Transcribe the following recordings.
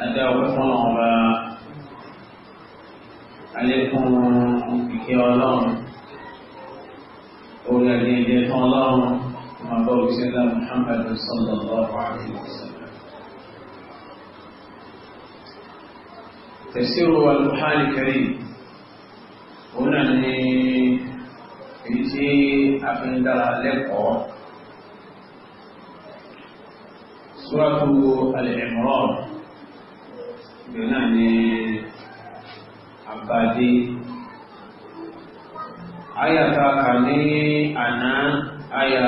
ada ọ̀pẹ́fún ọba alékún ìkẹ́ ọlọ́run orí ẹ̀dẹ́ ilé fún ọlọ́run ma bọ́ ìṣẹ́lá Muhammad sallallahu alaihi wasallam tẹ̀síru al-Qur'ani karim òun náà ni ìrìn náà ni àbádé ayàtà kà ní àná ayà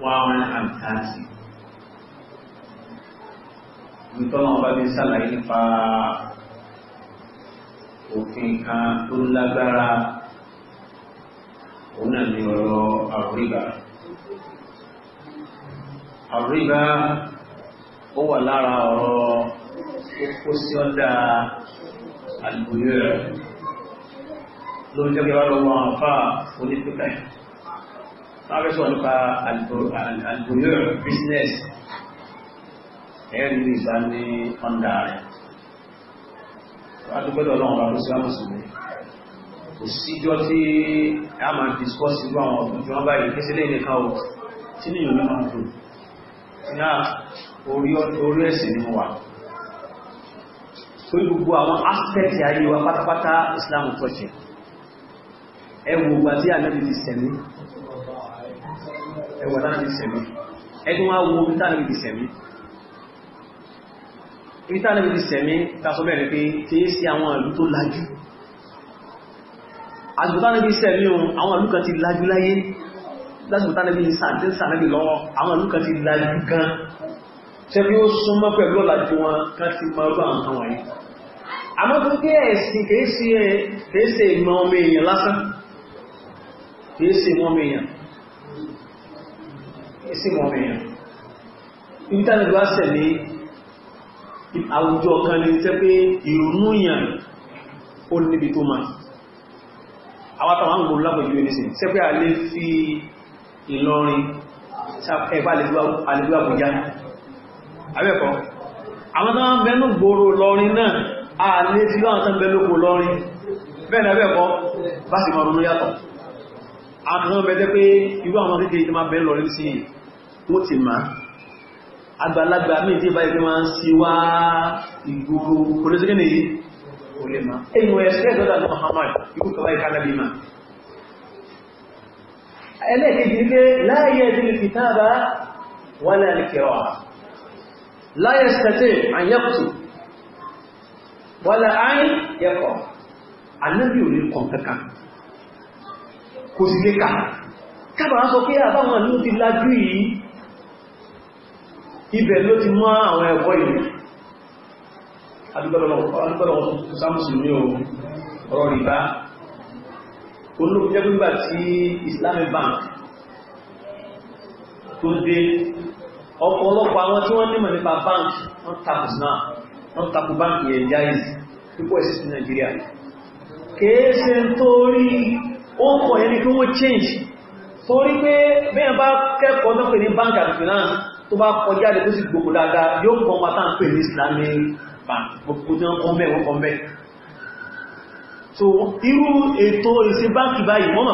130 nítorí wọn bá bí sàlàyé nípa òfin kan tó lágbára òun náà ni ọ̀rọ̀ àríbá àríbá ó wà lára ọ̀rọ̀ que ó kó sí ọ́dà àlùbòyó rẹ̀ lórí jẹ́ wá lọ́wọ́ àwọn afá onípìkà láwẹ́ sọ nípa àlùbòyó rẹ̀ business ẹ̀rí ìgbà ní ọ̀dà rẹ̀ adúgbẹ́dọ̀ ọlọ́run bá kó sí àwọn sùn kò síjọ́ tí a máa discuss irú àwọn ọ̀gbọ̀n tí wọ́n báyìí kéṣe lè nìkan ò tí nìyàn ló máa dùn ní orí ẹ̀sìn ni wà torí gbogbo àwọn aspect ayé wa pátápátá islam tọ́jẹ̀ ẹwọ gbà tí ànábì ti sẹ̀mí ẹwọ tánà ti sẹ̀mí ẹgbùn wa wo bí tánà ti sẹ̀mí ibi tánà ti sẹ̀mí tásọ bẹ̀rẹ̀ pé tí í sí àwọn ìlú tó lajú àsìkò tánà ti sẹ̀mí ohun àwọn ìlú kan ti lajú láyé lásìkò tẹ́bí ó súnmọ́ pẹ̀lú ọ̀làjú wọn kan ti máa bá nǹkan wọ̀nyí. àmọ́ tó gé ẹ̀sìn kìí ṣe ìmọ̀ ọmọ èèyàn lásán kìí ṣe ìmọ̀ ọmọ èèyàn kìí ṣe ìmọ̀ ọmọ èèyàn ìntánẹ̀tì wá sẹ̀ ní àwùjọ kan ní tẹ́ pé ìrònú èèyàn ó níbi tó máa àwọn àwọn olùlápẹ̀jú ẹni sí tẹ́ pé a lè fi Ìlọrin ẹgbẹ́ àlejò àbújá abẹ́kọ́ àwọn tó ń bẹnú gbòòrò lọrin náà a lè fi láwọn tó ń bẹ lóko lọrin bẹ́ẹ̀ abẹ́kọ́ bá sì máa ronú yàtọ̀ àtàwọn bẹ̀ẹ́ pé irú àwọn kékeré tó máa bẹ lọrin sí wọ́n ti máa àgbàlagbà míì tí báyìí máa ń sí wá ìgbòrò kò lè síkẹ́ nìyí kò lè máa ẹ̀yìn ẹ̀ṣẹ́ ìdọ́dà ní Muhammad ikú kọba ìkánàbí máa ẹlẹ́kẹ̀ẹ́ láyé ẹ̀dínlẹ̀ kìtàbà wà láàrín kẹrọ لا يستطيع أن يقتل ولا أن يقع النبي يقوم كك كوسيك كما سوكي أبا ما نوتي لا جوي ibẹ̀ ló ti mọ́ àwọn ẹ̀kọ́ ìlú alúgbọ́lọ̀ sàmùsùnmí ọ̀rọ̀ rìbá olóògbé jẹ́ gbígbà tí Islamic Bank ọ̀pọ̀lọpọ̀ àwọn tí wọ́n nímọ̀ nípa báńkì wọ́n takò náà wọ́n takò báńkì yẹn jáìsì púpọ̀ ẹ̀sì sí Nàìjíríà kèése torí ó kọ̀ ẹni kí wọ́n change torí pé bẹ́ẹ̀ bá kẹ́kọ̀ọ́ náà pè ní bank and finance tó bá kọjá lè tó sì gbogbo dáadáa yóò kọ́ pátá ń pè ní Islamic bank gbogbo tí wọ́n kọ́ mẹ́ wọ́n kọ́ mẹ́ so irú ètò ìsìn báńkì báyìí wọ́n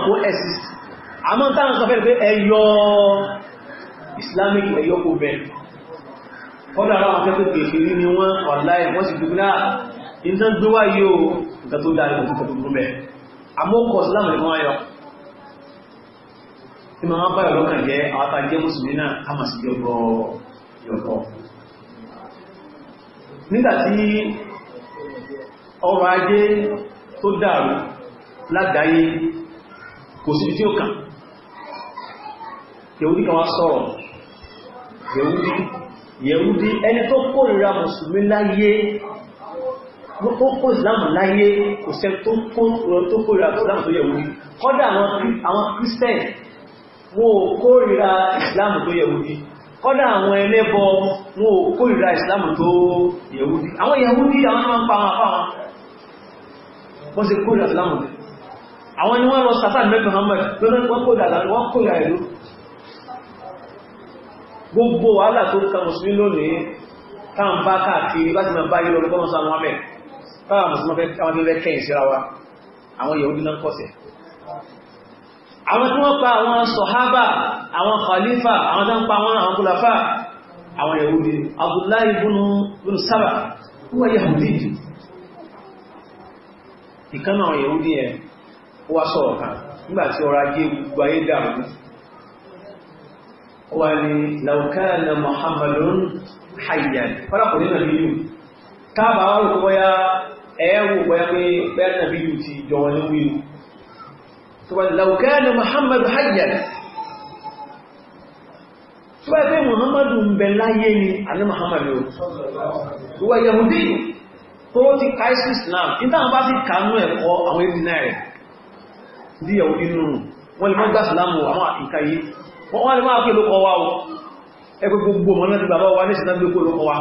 islamic ẹ̀yọ́kò bẹ̀ ọdọ̀ àwọn akẹ́kọ̀ọ́ kèfèrí ni wọ́n ọ̀láì wọ́n sì dúgbìnà ìtàn gbówá yóò ga tó dáa ìwọ̀n tó gbogbo bẹ̀ àmókọ̀ islamu ni wọ́n yọ tí ma wọ́n báyọ̀ lọ́kàn jẹ́ àwátá jẹ́ mùsùlùmí náà a mà sí yọ̀kọ̀ nígbàtí ọrọ̀ ajé tó dàrú lágbàáyé kò sí tí ó kàn yẹ̀wó ní kan wá sọ̀rọ̀ yẹ̀wúdí yẹ̀wúdí ẹni tó kórìíra mùsùlùmí láyé ó kó ìsìláàmù láyé kò sẹ́ tó kórìíra ìsìláàmù tó yẹ̀wúdí kọ́dà àwọn christian wọ́n ò kórìíra ìsìláàmù tó yẹ̀wúdí kọ́dà àwọn ẹlẹ́bọ wọ́n ò kórìíra ìsìláàmù tó yẹ̀wúdí àwọn yẹ̀wúdí àwọn máa ń pa àwọn àpáwọn wọ́n sì kórìíra ìsìláàmù àwọn ni wọ́n lọ sàtàn mẹ́fẹ̀ Muhammad lọ́nà wọ́n kórìíra ìlú gbogbo wàhálà tó ká mùsùlùmí lónìí táà ń bá káàkiri láti máa bá yí lọ lọ́gbọ́n sáà mohammed táà mùsùlùmí káwọn tó fẹ́ kẹ́yìn síra wa àwọn yahudi náà kọsẹ̀ àwọn tí wọ́n pa àwọn sọ̀hábà àwọn khalifa àwọn tó ń pa wọn àwọn kulafa àwọn yahudi abdullahi wani laukana muhammadun hayyan fara kò ní nàbíyù káàbà wọ́n kò bọ́yá ẹ̀yẹ́wò bọ́yá pé bẹ́ẹ̀ nàbíyù ti jọ wọn ní wíwú tó wà laukana muhammadun hayyan tó wà pé muhammadu ń bẹ láyé ni alẹ́ muhammadu wà yahudi tó ti kaisi islam níta wọn bá ti ẹ̀kọ́ àwọn ibi náà rẹ̀ bí yahudi nù wọn lè mọ́ gbà sílámù àwọn ìkàyé wọ́n wá lè máa pè lókọ wa o ẹgbẹ́ gbogbo mọ́nà ti bàbá wa ní ìsìnà gbogbo lókọ wa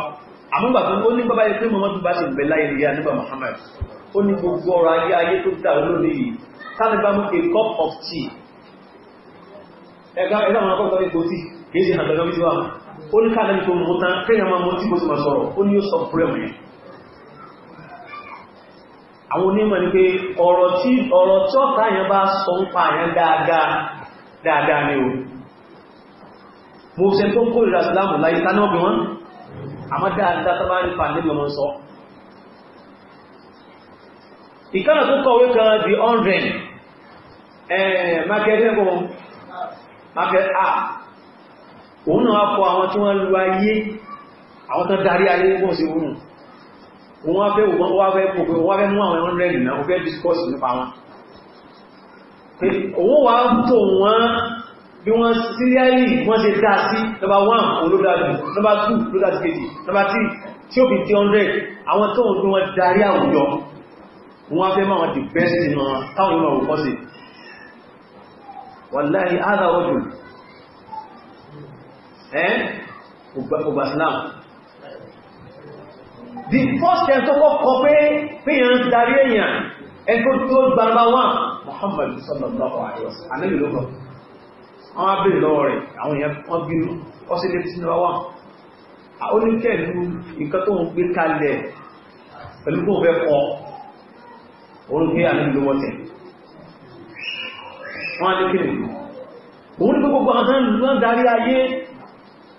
àmúgbà tó ó ní bàbá yẹ pé mọ́mọ́ tó bá ṣe bẹ̀ láyé ìyá nígbà Muhammad ó ní gbogbo ọrọ̀ ayé ayé tó dà lónìí yìí táni bá mú a cup of tea ẹgbẹ́ ẹgbẹ́ àwọn akọ́kọ́ ipò tí kìí ṣe àgbẹ̀lọ́ bí wà ó ní káàdẹ́ tó mú tán kéèyàn máa ni pé ọ̀rọ̀ tí ọ̀rọ̀ tí ọ̀tá yẹn bá sọ ń pa yẹn dáadáa dáadáa ni mo ṣe tó kó ìrà ìsìlámù láyé tánà bí wọ́n àmọ́ dáadáa tó bá ń fa nílùú wọn sọ ìkánà tó kọ̀wé kan di 100 ẹ̀ẹ́ mákẹ́tẹ́ kan mákẹ́ a òun náà kọ àwọn tí wọ́n lu ayé àwọn tán darí ayé wọ́n sí wúrùn òun wá fẹ́ mú àwọn 100 náà ó fẹ́ discourse nípa wọn òun wá tó wọ́n bí wọ́n síríálì wọ́n ṣe dá sí nọba 1 olódájú number 2 olódájú kejì nọba 3 tí ó bí 300 àwọn tó ń dún wọn darí àwùjọ wọ́n fẹ́ máa wọn di best in wọn táwọn ìmọ̀ òkọ́ sí wàláhì áàdàwọ́dù ẹ́ ògbà Islam the first time tó kọ́kọ́ pé píyàn darí èèyàn ẹgbẹ́ tó gbàgbà wọn Muhammad sallallahu alaihi wasallam wọ́n á bèèrè lọ́wọ́ rẹ̀ àwọn èèyàn wọ́n bínú ó sì lè tínú wá ó ní kẹ́ẹ̀lú nǹkan tó ń gbé kalẹ̀ pẹ̀lú kó fẹ́ kọ́ orúkẹ́ àlúgbọ́tẹ̀ wọ́n á ní kí nìyí òun ní gbogbo àwọn náà darí ayé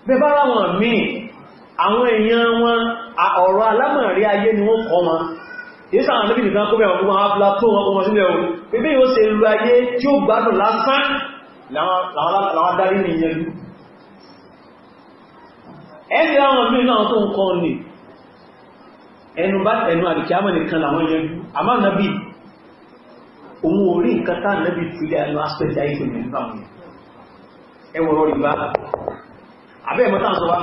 bẹ́bá láwọn míì àwọn èèyàn wọn ọ̀rọ̀ alámọ̀rí ayé ni wọ́n kọ́ wọn yìí sáwọn níbi nìkan kó bẹ̀rẹ̀ wọn fún wọn á fi látó wọn sílẹ̀ o bíbí yóò ṣe lu ayé tí ó gbádùn lásán làwọn adarí ní ìyẹn lú ẹni àwọn míì náà tó ń kọ́ ní ẹnu bá ẹnu àdìkí àmọ́ nìkan làwọn yẹn lú àmọ́ nàbí òun ò rí nǹkan tá nàbí fìlẹ̀ ẹnu aspect ayé tó nìyẹn báwọn ẹwọ ọ̀rọ̀ ìbá abẹ́ ẹ̀mọ́ta ń sọ wá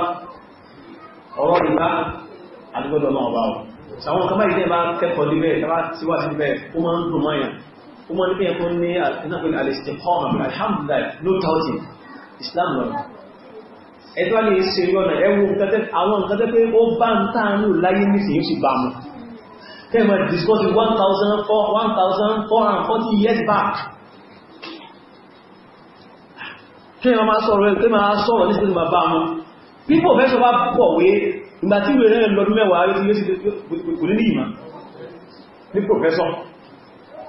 ọ̀rọ̀ ìbá àdúgbọ́dọ̀ náà bá wọn sàwọn kan báyìí tẹ́ bá kẹ́kọ̀ọ́ níbẹ̀ tẹ́ bá tiwá síbẹ̀ ó máa ń dùn mọ́yàn ó mọ́ nípa ẹ̀kọ́ ní ìnáfẹ́ al-istiqama alhamdulillah no doubting islam lọ ẹ̀tọ́ wá lè ṣe yọ́nà ẹwù àwọn nǹkan tẹ́ pé ó bá ń tààrù láyé nìsìn yóò sì bá mú tẹ́mọ̀ discuss 1440 years back kí wọ́n máa sọ̀rọ̀ ẹ̀kọ́ máa sọ̀rọ̀ ní sílùmà bá mú pípò fẹ́ sọ bá pọ̀ wé ìgbà tí ìwé rẹ̀ lọ́dún mẹ́wàá rí tí yóò sì kò ní ní ìmá ní pòfẹ́sọ̀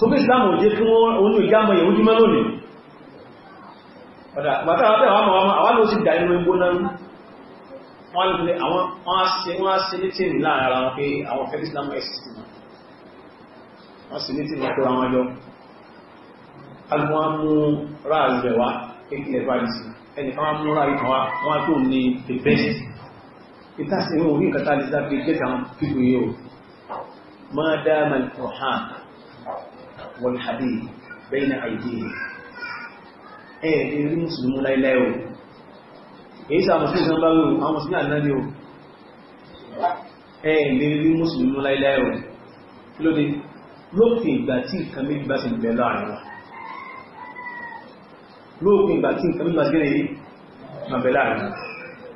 tó bí ìsìlámù jẹ́ fún oní ìjámọ̀ yẹ̀wújú mẹ́ lónìí ọ̀dá pàtàkì àwọn àwọn àwọn ló sì dá inú igbó náà wọ́n lè àwọn wọ́n á sí létí ní láàrin ara wọn pé àwọn fẹ́ ìsìlámù ẹ̀sì wọ́n sì létí ní kóra wọn jọ alùpùpù mú ráàlù rẹ̀ tó ní the best ìtàsí ìwọ̀n orí nǹkan tá a lè dá pé gẹ́gẹ́ pípò yìí o máa mẹ́lì kọ̀ọ̀hán والحديد بين أيديهم ẹ̀ ní rí mùsùlùmí láìláì o èyí sà mùsùlùmí sàn bá wíwò àwọn mùsùlùmí àlẹ́lẹ́ o ẹ̀ ní rí mùsùlùmí láìláì o lóde lópin ìgbà tí nǹkan méjì bá sì bẹ̀rẹ̀ láàrin wọn lópin ìgbà tí nǹkan méjì bá sì bẹ̀rẹ̀ láàrin wọn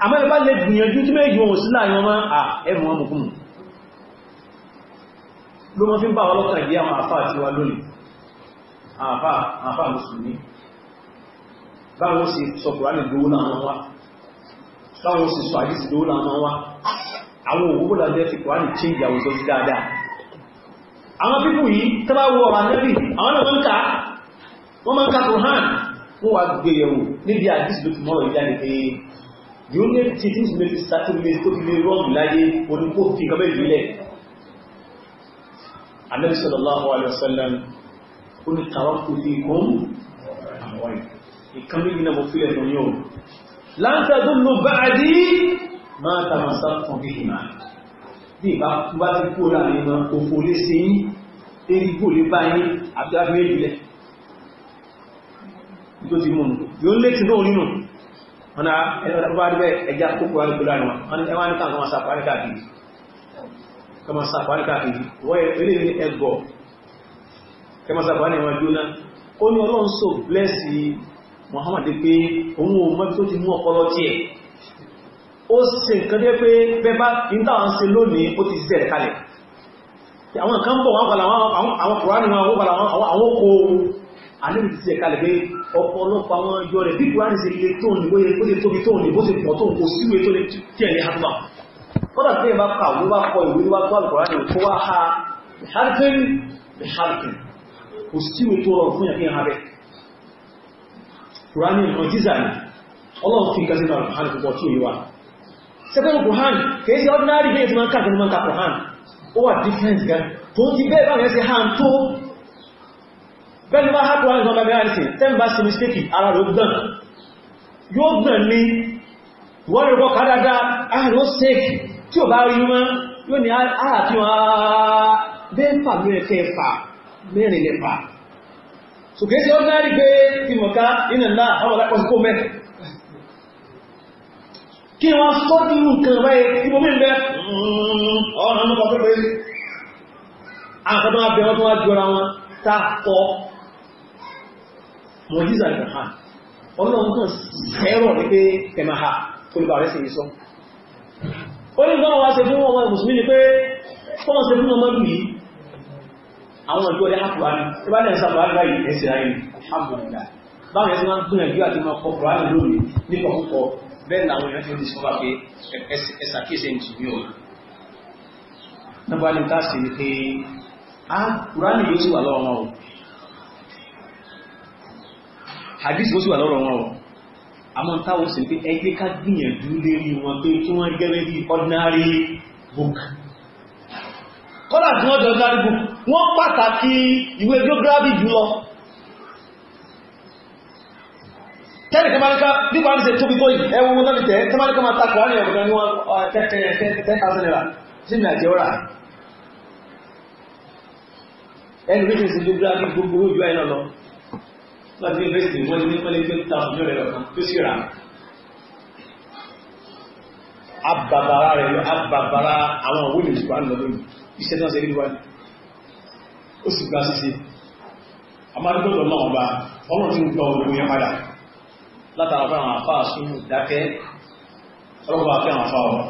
àmọ́ ìbá lè gbìyànjú tí méjì wọn ò sí láàrin wọn máa ẹ̀rùn wọn mùkúmù ló mọ́ fi ń bá wọn lọ́kàn ìdí àwọn àfáà tiwa lónìí àfà àfà mùsùlùmí báwọn sì sọ kùránì lówó náà máa wá báwọn sì sọ àdìsí lówó náà máa wá àwọn òwúwò lábẹ́ fi kùránì change àwùjọ sí dáadáa àwọn pípù yìí tẹ́bá wọ ọ̀rọ̀ anẹ́bì àwọn náà ń ka wọ́n máa ń ka kùránì wọ́n wá gbéyẹ̀wò níbi àdìsí ló fi mọ́rọ̀ ìjáde pé the only thing is make it start to make to be wrong láyé oníkó fi kọ́bẹ̀ ìbílẹ̀ Ànábì sallallahu alaihi wasallam ó ní tàwọ́kù fi kún àwọn ìkan níbi náà mo fi ẹ̀tọ́ yóò láńtàdún ló bá àdí máa tàbà sáfún bí i máa bí ìbá bá ti kó láàrin iná òfò lé sí yí erigbò lé bá yí àbíábí ìbílẹ̀ tó ti mú yóò lé ti náà wọn ẹwà ní káàkiri wọn sàpárí káàkiri kẹmọ́sàgbà ní ìwọ̀n jóná ó ní ọlọ́run so blẹ́sì Muhammad pé òun ò mọ́ tó ti mú ọpọlọ tí ẹ̀ ó sì nǹkan jẹ́ pé bẹ́bá ìdáwọn ṣe lónìí ó ti zẹ̀ kalẹ̀ àwọn kan bọ̀ wọ́n pàlà àwọn kùránì wọn ó pàlà àwọn oko alẹ́bì ti zẹ̀ kalẹ̀ pé ọ̀pọ̀lọpọ̀ àwọn ìjọ rẹ̀ bí kùránì ṣe lè tó òní bóyẹ bó ṣe tóbi tó òní bó ṣe pọ̀ tó kò síwé tó lè tẹ̀lé hàtùmá kọ́dà tí ẹ bá kà wọ́n bá kọ ìwé wá gbọ́ àlùkùránì kó wá kò sí ìwé tó rọrùn fún yàn ní ààrẹ kùránì ọ̀jíza ni ọlọ́run fi kásí náà kùránì púpọ̀ tí ó yíwa sẹ́kọ̀ọ́ kùránì kìí sí ordinary bẹ́ẹ̀ tí máa ń kàkiri máa ń ka kùránì ó wà difference gan tó ti bẹ́ẹ̀ bá yẹn sí hàn tó bẹ́ẹ̀ bá hápù wọn ìjọba bẹ́ẹ̀ sí tẹ́m bá sí mistake ara rẹ̀ gbọ́n yóò gbọ́n ní wọ́n rẹ̀ bọ́ kádádá ara rẹ̀ sake tí ò bá rí wọn yóò ní ààfihàn ah, ah, ah, bẹ́ẹ̀ pàlú ẹ̀kẹ́ fà mẹ́rin lè fà so kìí ṣe ordinary pé ti mọ̀ká iná náà àwọn alápọ̀ sí kó mẹ́ kí wọ́n sọ tí nǹkan báyìí tí mo mí bẹ́ ọ̀nà nípa pẹ́pẹ́ àkọ́tọ́ abẹ́ wọn tó wá jọra wọn tá kọ́ mọ̀jísà ìfẹ̀hàn ọlọ́run kan sẹ́rọ̀ ní pé kẹmàá olùbàrẹ́sì ìsọ́ ó ní gbọ́n wá ṣe fún ọmọ mùsùlùmí ni pé fọ́n ṣe fún ọmọ lù yìí àwọn ìjọ rẹ̀ hàkùránì tí bá lẹ́yìn sábà ráyì ẹsẹ̀ ráyì alhamdulillah báwọn ẹsẹ̀ máa ń gbìyànjú àti máa kọ́ kùránì lónìí nípa púpọ̀ bẹ́ẹ̀ làwọn èèyàn ti ń discover pé ẹsà kí ẹsẹ̀ ń jì mí o nígbà ní táàsì ni pé a kùránì yóò sì wà lọ́wọ́ wọn o hadith yóò sì wà lọ́wọ́ wọn o àmọ́ táwọn sì ń pé ẹgbẹ́ ká gbìyànjú lérí wọn pé kí wọ́n gẹ́gẹ́ bí ordinary book kọ́lá tí wọ́n jọ gbárígbù wọ́n pàtàkì ìwé geography jùlọ tẹ́lẹ̀ kẹmàríkà nípa ní ṣe tóbi tó yìí ẹwọ mọ́tọ́ ní tẹ́ kẹmàríkà máa takọ̀ ní ọ̀gbọ̀n ní wọ́n tẹ́kẹ̀ẹ́ naira sí ní àjẹ́ ọ̀rà ẹni bí ṣe geography gbogbo ojú ayé lọ láti invest in wọ́n ní mọ́lẹ́ twenty thousand yóò rẹ̀ lọ́kàn tó sì rà abàbàrà rẹ̀ lọ abàbàrà àwọn òwúlò ìṣùpá ń lọ lónìí iṣẹ́ náà ṣe rí wáyé ó sì gbá ṣíṣe àmàdúgbọ́dọ̀ náà bá ọlọ́run tí ó gba ogun yẹn padà látara fún àwọn afá súnmù dákẹ́ ọlọ́pàá fẹ́ àwọn afá ọ̀rọ̀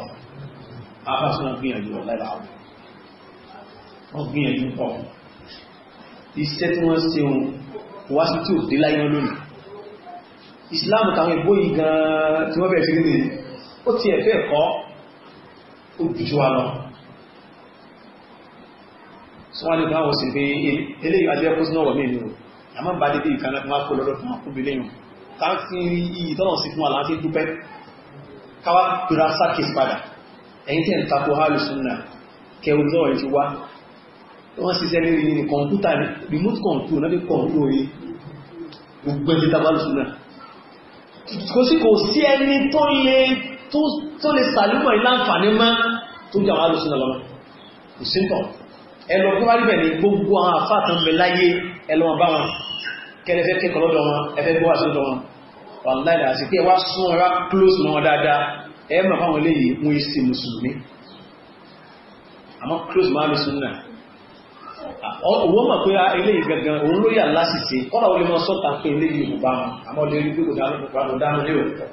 afá súnmù gbìyànjú ọ̀láìlà wọn gbìyànjú pọ̀ iṣẹ́ tí wọ́n ṣe ohun wá sí tí ò dé láyé lónìí Islam táwọn ìbò yìí gan-an tí wọ́n bẹ̀rẹ̀ sí nínú ó ti ẹ̀fẹ́ ẹ̀kọ́ ó jù wa lọ wọ́n lè báwọ̀ sí pé eléyìí adẹ́kùn sí náà wà mẹ́rin a máa bá dédé ìkànnà fún akó lọ́dọ̀ fún akóbi lẹ́yìn káàkiri iyì tọ́nà sí fún aláàfin dúpẹ́ káwà pèrà sákè padà ẹ̀yìn tí ẹ̀ ń takò hálù súnà kẹwù náà rẹ̀ ti wá wọ́n sì sẹ́lẹ̀ rí ní kọ̀ǹpútà remote control náà fi kọ̀ǹpútà rí ẹlọ tó bá rí bẹ̀ ní gbogbo àwọn àfáàtàn mẹ láyé ẹlọ wọn bá wọn kẹlẹfẹ́ kẹkọ̀ọ́ close mọ́ wọn dáadáa ẹ mọ̀ fáwọn eléyìí wọn èsì close máa mi sùn náà owó mọ̀ pé eléyìí gangan òun ló yà lásìsì kọ́lá olè mọ́ sọ́ta pé eléyìí kò bá wọn àmọ́ lè rí gbogbo dáná lé òkùnkùn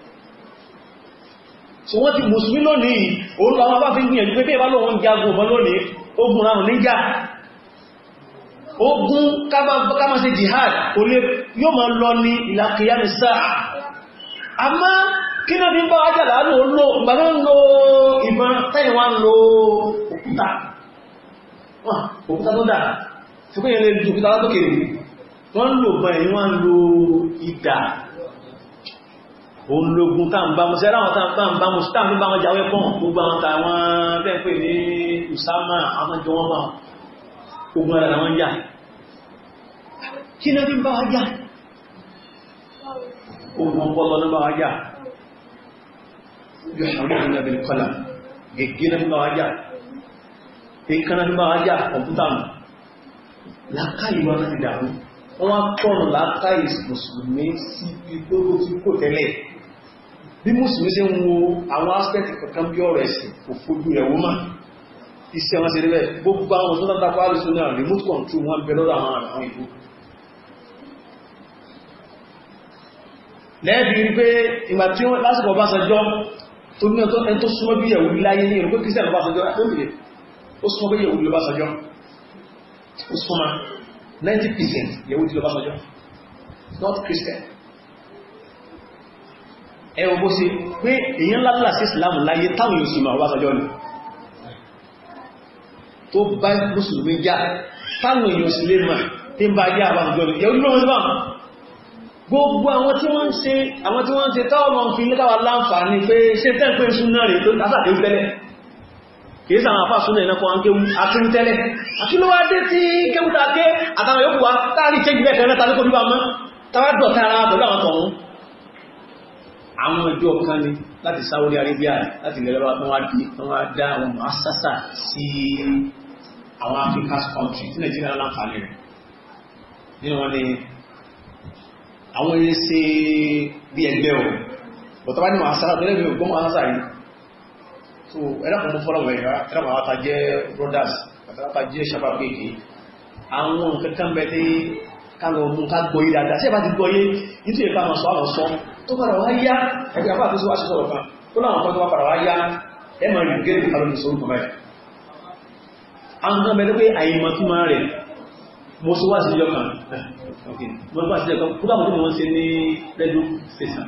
so wọ́n ti mùsùlùmí lónìí òun làwọn bá fi ń gbìyànjú pé bẹ́ẹ̀ bá lóun jagun ọmọ lónìí ogun ráhùn níjà ogun kámá sí jihad o lè yóò máa lọ ní ìlàkìyà ní sáà àmá kí náà bí ń bá ájàlá lò lò ìgbàlá ń lo ìbọn tẹ́yìn wá ń lo òkúta òkúta tó dà fúkún yẹn lè ju òkúta látòkè wọ́n lò bọ̀ ẹ̀yìn wá ń lo ìdà òun lógun táà ń bá mú sí aláwọ̀ táà bá mú sí táà bá wọn jáwé pọ̀ gbogbo àwọn tàwọn tẹ́ Usama àmọ́jọ wọn máa ogun ara wọn yà kí náà bí bá wá yà ogun ọpọlọ ní bá wá yà yóò ṣàwọn ìrìnà bí kọlá gẹ́gẹ́ náà bí bá wá yà ìkaná bí bá wá yà kọ̀mpútà mù lákàyè wọn ti dàrú wọ́n á tọ̀nù lákàyè mùsùlùmí sí ibi tó ti kò tẹ́lẹ̀ bí mùsùlùmí ṣe ń wo àwọn aspect kankan bí ọ̀rọ̀ ẹ̀sìn kò fojú rẹ̀ máa iṣẹ́ wọn ṣe rí bẹ́ẹ̀ gbogbo àwọn tó náà dápá àlùsùn náà remote control wọn bẹ lọ́dọ̀ àwọn àwọn ìlú lẹ́ẹ̀bí rí pé ìgbà tí wọ́n lásìkò Ọbásanjọ́ tó ní ọjọ́ ẹni tó súnmọ́ bí yẹ̀wù láyé ní ìrùpé Christian Ọbásanjọ́ lómìnir ó súnmọ́ bí yẹ̀wù Ọbásanjọ́ not Christian ẹ̀wọ̀n bó ṣe pé èyàn lábílà sí ìsìlámù láyé táwọn yóò sì máa Ọbásanjọ́ ni tó bá mùsùlùmí já táwọn èèyàn sì lè mà tí ń bá jẹ́ àbájọ́lù yẹ olóòrùn gbogbo àwọn tí wọ́n ń ṣe àwọn tí wọ́n ń ṣe táwọn fi lẹ́tàwà láǹfààní pé ṣe tẹ́ǹpé súnà rẹ̀ tó lásàdé tẹ́lẹ̀ kìí sàwọn àfà súnà ìnákọ akéwú àti tẹ́lẹ̀ àti ló wá dé tí kéwú tàké àtàwọn yóò wá táàrí tẹ́gbẹ̀ẹ́ àwọn ọjọ́ kan ní láti Saudi Arabia láti lẹ́lọ́wọ́ tó wá di tó wá dá àwọn mọ́sásà sí àwọn Africa's country tí Nàìjíríà láǹfààní rẹ̀ nínú wọn ni àwọn ilé ṣe bí ẹgbẹ́ o bọ̀tọ́ bá ní mọ́sásà tó lẹ́gbẹ̀ẹ́ gbọ́n mọ́sásà yìí so ẹ̀rọ̀kùn mú fọ́lọ̀wọ̀ ẹ̀yà ẹ̀rọ̀mọ̀ àwọn àtàjẹ́ brothers àtàjẹ́ sàbàgbègbè àwọn nǹkan kan bẹ̀ tí ká lọ mú ká gbọ́yé dáadáa sí ẹ̀bá ti gbọ́yé nítorí ìpamọ̀ sọ àwọn sọ́ọ́ tó padà wá yá ẹgbẹ́ àpá àtúnṣe wá ṣe sọ̀rọ̀ kan tó láwọn kan tó wá padà wá yá ẹ máa rìn gẹ́gẹ́ bí alóòrùn sórúkọ báyìí àwọn kan bẹ̀rẹ̀ pé àìmọ̀ tó máa rẹ̀ mo sọ wá sí ilé ọkàn mo sọ wá sí ilé ọkàn kúrò àwọn tó wọ́n ṣe ní rẹ́dú station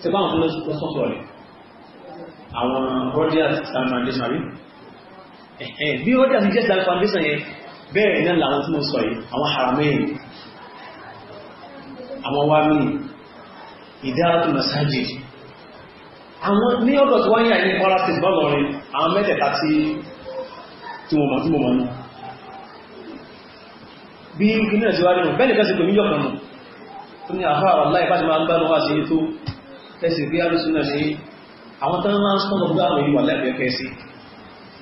ṣe bá àwọn tó lọ sọ sọ̀rọ̀ àwọn Rogers Star Foundation rí bí Rogers jẹ́ Star Foundation yẹn bẹ́ẹ̀ náà làwọn tí mo sọ yìí àwọn haramẹ́yìn àwọn wámìnì ìdáàtù masájì àwọn ní ọ̀dọ̀ tó wáyé àyè kọ́lá sí bọ́lọ̀rin àwọn mẹ́tẹ̀ẹ̀ta tí wọ́n mọ̀ tí wọ́n mọ̀ ní bí i náà síwájú wọn bẹ́ẹ̀ nìkan sí pẹ̀lú yọ̀kan nù tó ní àfá àwọn aláì bá ti máa ń gbá lọ́wọ́ àṣeyí tó kẹsì rí àrùsù náà ṣe àwọn tán máa ń sọ lọ gbá àwọn ìwà lẹ́gbẹ̀ẹ́ kẹsì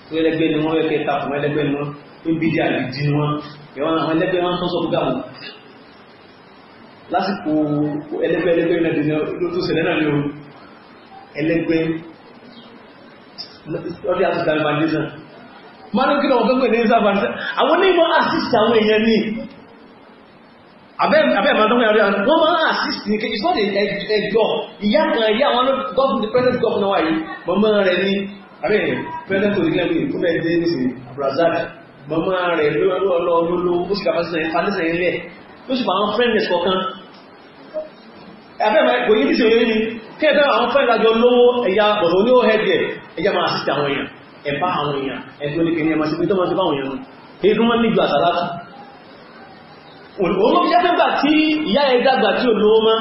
tó ẹlẹgbẹ́ ni wọ́n ẹkẹta fún ẹlẹgbẹ́ ni wọ́n ń bí díà bí dín wọn ìwọ̀n àwọn ẹlẹgbẹ́ wọn tó sọ gbá lásìkò ẹlẹ́gbẹ́ ẹlẹ́gbẹ́ ìrìnàjò ló tó ṣẹlẹ̀ náà ní o ẹlẹ́gbẹ́ ọdí àti galvanization ma ní kílọ̀ ọ̀gọ́gbẹ̀ ní galvanization àwọn onímọ̀ assist àwọn èèyàn ní wọ́n máa assist ní kí ìsọ́dẹ̀ ẹjọ́ ìyá kan ìyá àwọn gọ́ọ̀nù president gọ́ọ̀nù wáyé mọ́mọ́ rẹ̀ ní abẹ́rẹ̀ president orílẹ̀-èdè ìpínlẹ̀ dẹ́nìsì brazil mọ́mọ́ rẹ̀ lọ́lọ́lọ́lọ́ ó sì kàfà sí ẹ̀fà nísẹ̀ ilẹ̀ ló sì bá àwọn friends kọ̀ọ̀kan ẹ̀fẹ́ kò yí tíṣe olóyìn kí ẹ̀fẹ́ àwọn friends àjọ lówó ẹ̀yà bọ̀dọ̀ ní ó hẹ́dẹ̀ ẹ̀yà máa sí àwọn èèyàn ẹ̀bá àwọn èèyàn ẹ̀fẹ́ oníkẹ́ ní ẹmà sí pé tó máa ti bá àwọn èèyàn èyí tó máa ní ju àsàlátù òun ló fi jẹ́ nígbà tí ìyá ẹ̀ dàgbà tí ò lówó mọ́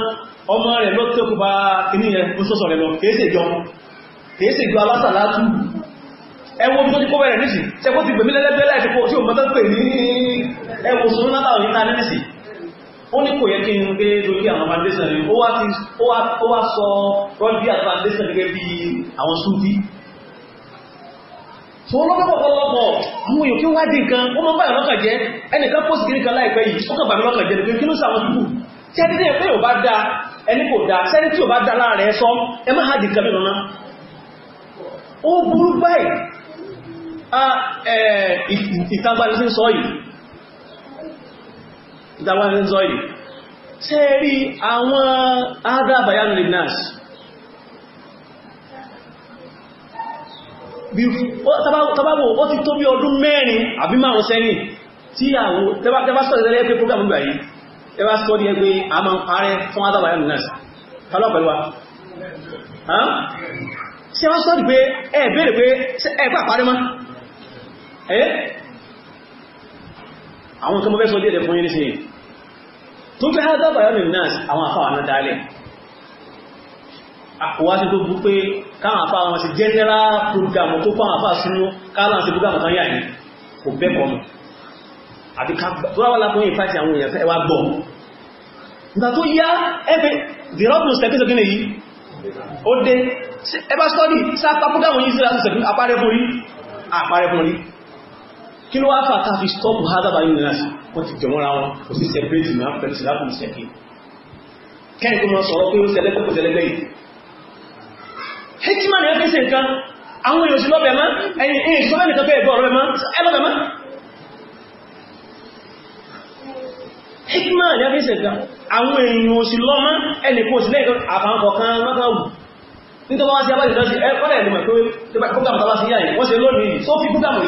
ọmọ rẹ̀ ló tó kó bá kíní yẹn ó sọ̀sọ̀ rẹ̀ lọ kìí sì jọ kìí sì jọ alásàlátù ẹwọ́n tó ti kó bẹ̀rẹ̀ nísì tẹ́kó ti gbèmílẹ́lẹ́gbẹ́lẹ́ ẹ̀ṣẹ̀kó tí ò mọ́tọ́ pè ní ẹwọ́ sọ látàwọn yìí náà nísì ó ní kò yẹ kí n gbé lórí àwọn foundation rẹ̀ ó wá sọ rọ́bí àti foundation gẹ́gẹ́ bí àwọn súnbí tó lọ́pọ̀ pọ̀lọpọ̀ àwọn èèyàn kí wá dín kan ó mọ́ báyìí lọ́kàn jẹ́ ẹnìkan pósì kiri kan láìpẹ́ yìí ó kàn bàmí lọ́kàn jẹ́ nígbé kí ló sàwọn dúkù tí ẹni dẹ́ pé ò bá dá ẹni kò dá sẹ́ni tí ò bá dá láàrẹ sọ ẹ má hàdì kan mìíràn ó burú báyìí ìtagbalisí sọ yìí ìtàwọn ẹni sọ yìí tẹ́ rí àwọn adábayánu lè náà tàbáwò ó ti tó bí ọdún mẹ́rin àbí márùn sẹ́yìn tí àwọn tẹ́bá sọ ìrẹ́lẹ́ pé program gbà yìí tẹ́bá sọ ní ẹgbẹ́ a máa ń parẹ́ fún adábayánu náà kálọ́ pẹ̀lú wa ṣe wá sọ́dì pé ẹ̀ bèèrè pé ẹ̀gbà parẹ́ mọ́ àwọn kan mọ́fẹ́ sọ díẹ̀ fún yẹn sí tó fẹ́ hádá bayanin nas àwọn afáwà náà dálẹ̀ àkọwá sí tó bú pé káwọn afáwà wọn sí general program tó fún àwọn afáà súnú káwọn sí program kan yà ní kò bẹ́kọ̀ mọ̀ àti tó wá lápọ̀ yìí fáti àwọn èèyàn fẹ́ wá gbọ́ nígbà tó yá ẹgbẹ́ dìrọ́bùn sẹ́kẹ́sọ kí nìyí ó dé ẹbá sọ́dí sáà program yìí sí àpárẹ́ fún rí àpárẹ́ fún rí kí ló wá fà ká fi stọ́pù hádàbà yìí náà wọ́n ti jọmọ́ra wọn kò sí sẹ́pẹ́tì máa pẹ̀lú sílápù sẹ́kì kẹ́yìn tó máa sọ̀rọ̀ pé ó sẹlẹ́gbẹ́ kò sẹlẹ́gbẹ́ yìí hekima ni ẹ fi ṣe nǹkan àwọn èèyàn òṣìlọ́ bẹ̀ẹ̀ má ẹ̀yìn èèyàn ìṣọ́lẹ̀ nìkan bẹ́ẹ̀ gbọ́ ọ̀rọ̀ má ẹlọ́bẹ̀ má hekima ni ẹ fi ṣe nǹkan àwọn èèyàn òṣìlọ́ má ẹnì kò sílẹ̀ ìkan àfàwọn kọ̀ọ̀kan mọ́kànwù nítorí wọ́n wá sí abájẹ́ lọ́sí ẹ̀kọ́lẹ̀ ìlú mọ̀ pé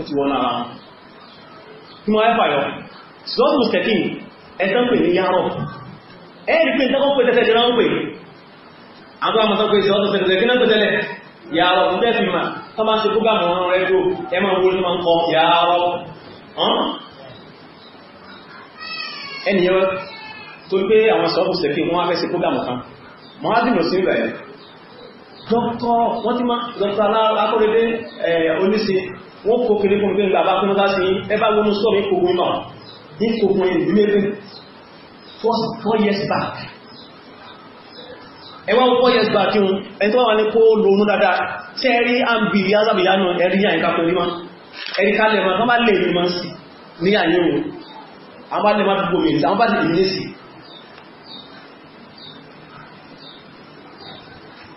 ó ti wọ́n ara wọn kí wọ́n ẹ́fà yọ ṣùgbọ́n mùsẹ̀kín ẹ̀sán pè ní yárọ̀ ẹ̀rì pé ìtẹ́kọ́ pé tẹ́tẹ́ jẹ́rán pè àwọn àmọ́sán pé ìṣẹ́ ọ̀tọ̀ tẹ́tẹ́ kí náà tẹ́lẹ̀ yàrọ̀ ń tẹ́sì mà tó bá ń ṣe púgàmù ọ̀rọ̀ rẹ̀ tó ẹ máa wo ní máa ń kọ yàrọ̀ ẹnìyàn tó gbé àwọn sọ́ọ̀bù sẹ̀kín wọ́n á fẹ́ ṣe púgàmù kan máa dọ́kọ̀ alákọ̀rẹ́dẹ́ oníṣe wọ́n kó kiri fún pé bàbá fún bá sí ẹbá wọnú sọ́rọ̀ ìkògùn náà ní kògùn ìlúmẹ́rin four years back ẹwọ́n four years back yún ẹni tó wà ní kó lóòrùn dáadáa tẹ́rí àmbì yázàbìyánú ẹ̀rí yà ìka pẹ̀lú mọ́ ẹ̀rí kalẹ̀ mọ́ kọ́ bá lè rí mọ́ sí ní àyẹ̀wò àwọn bá lè má dúgbò mìíràn àwọn bá lè ní sí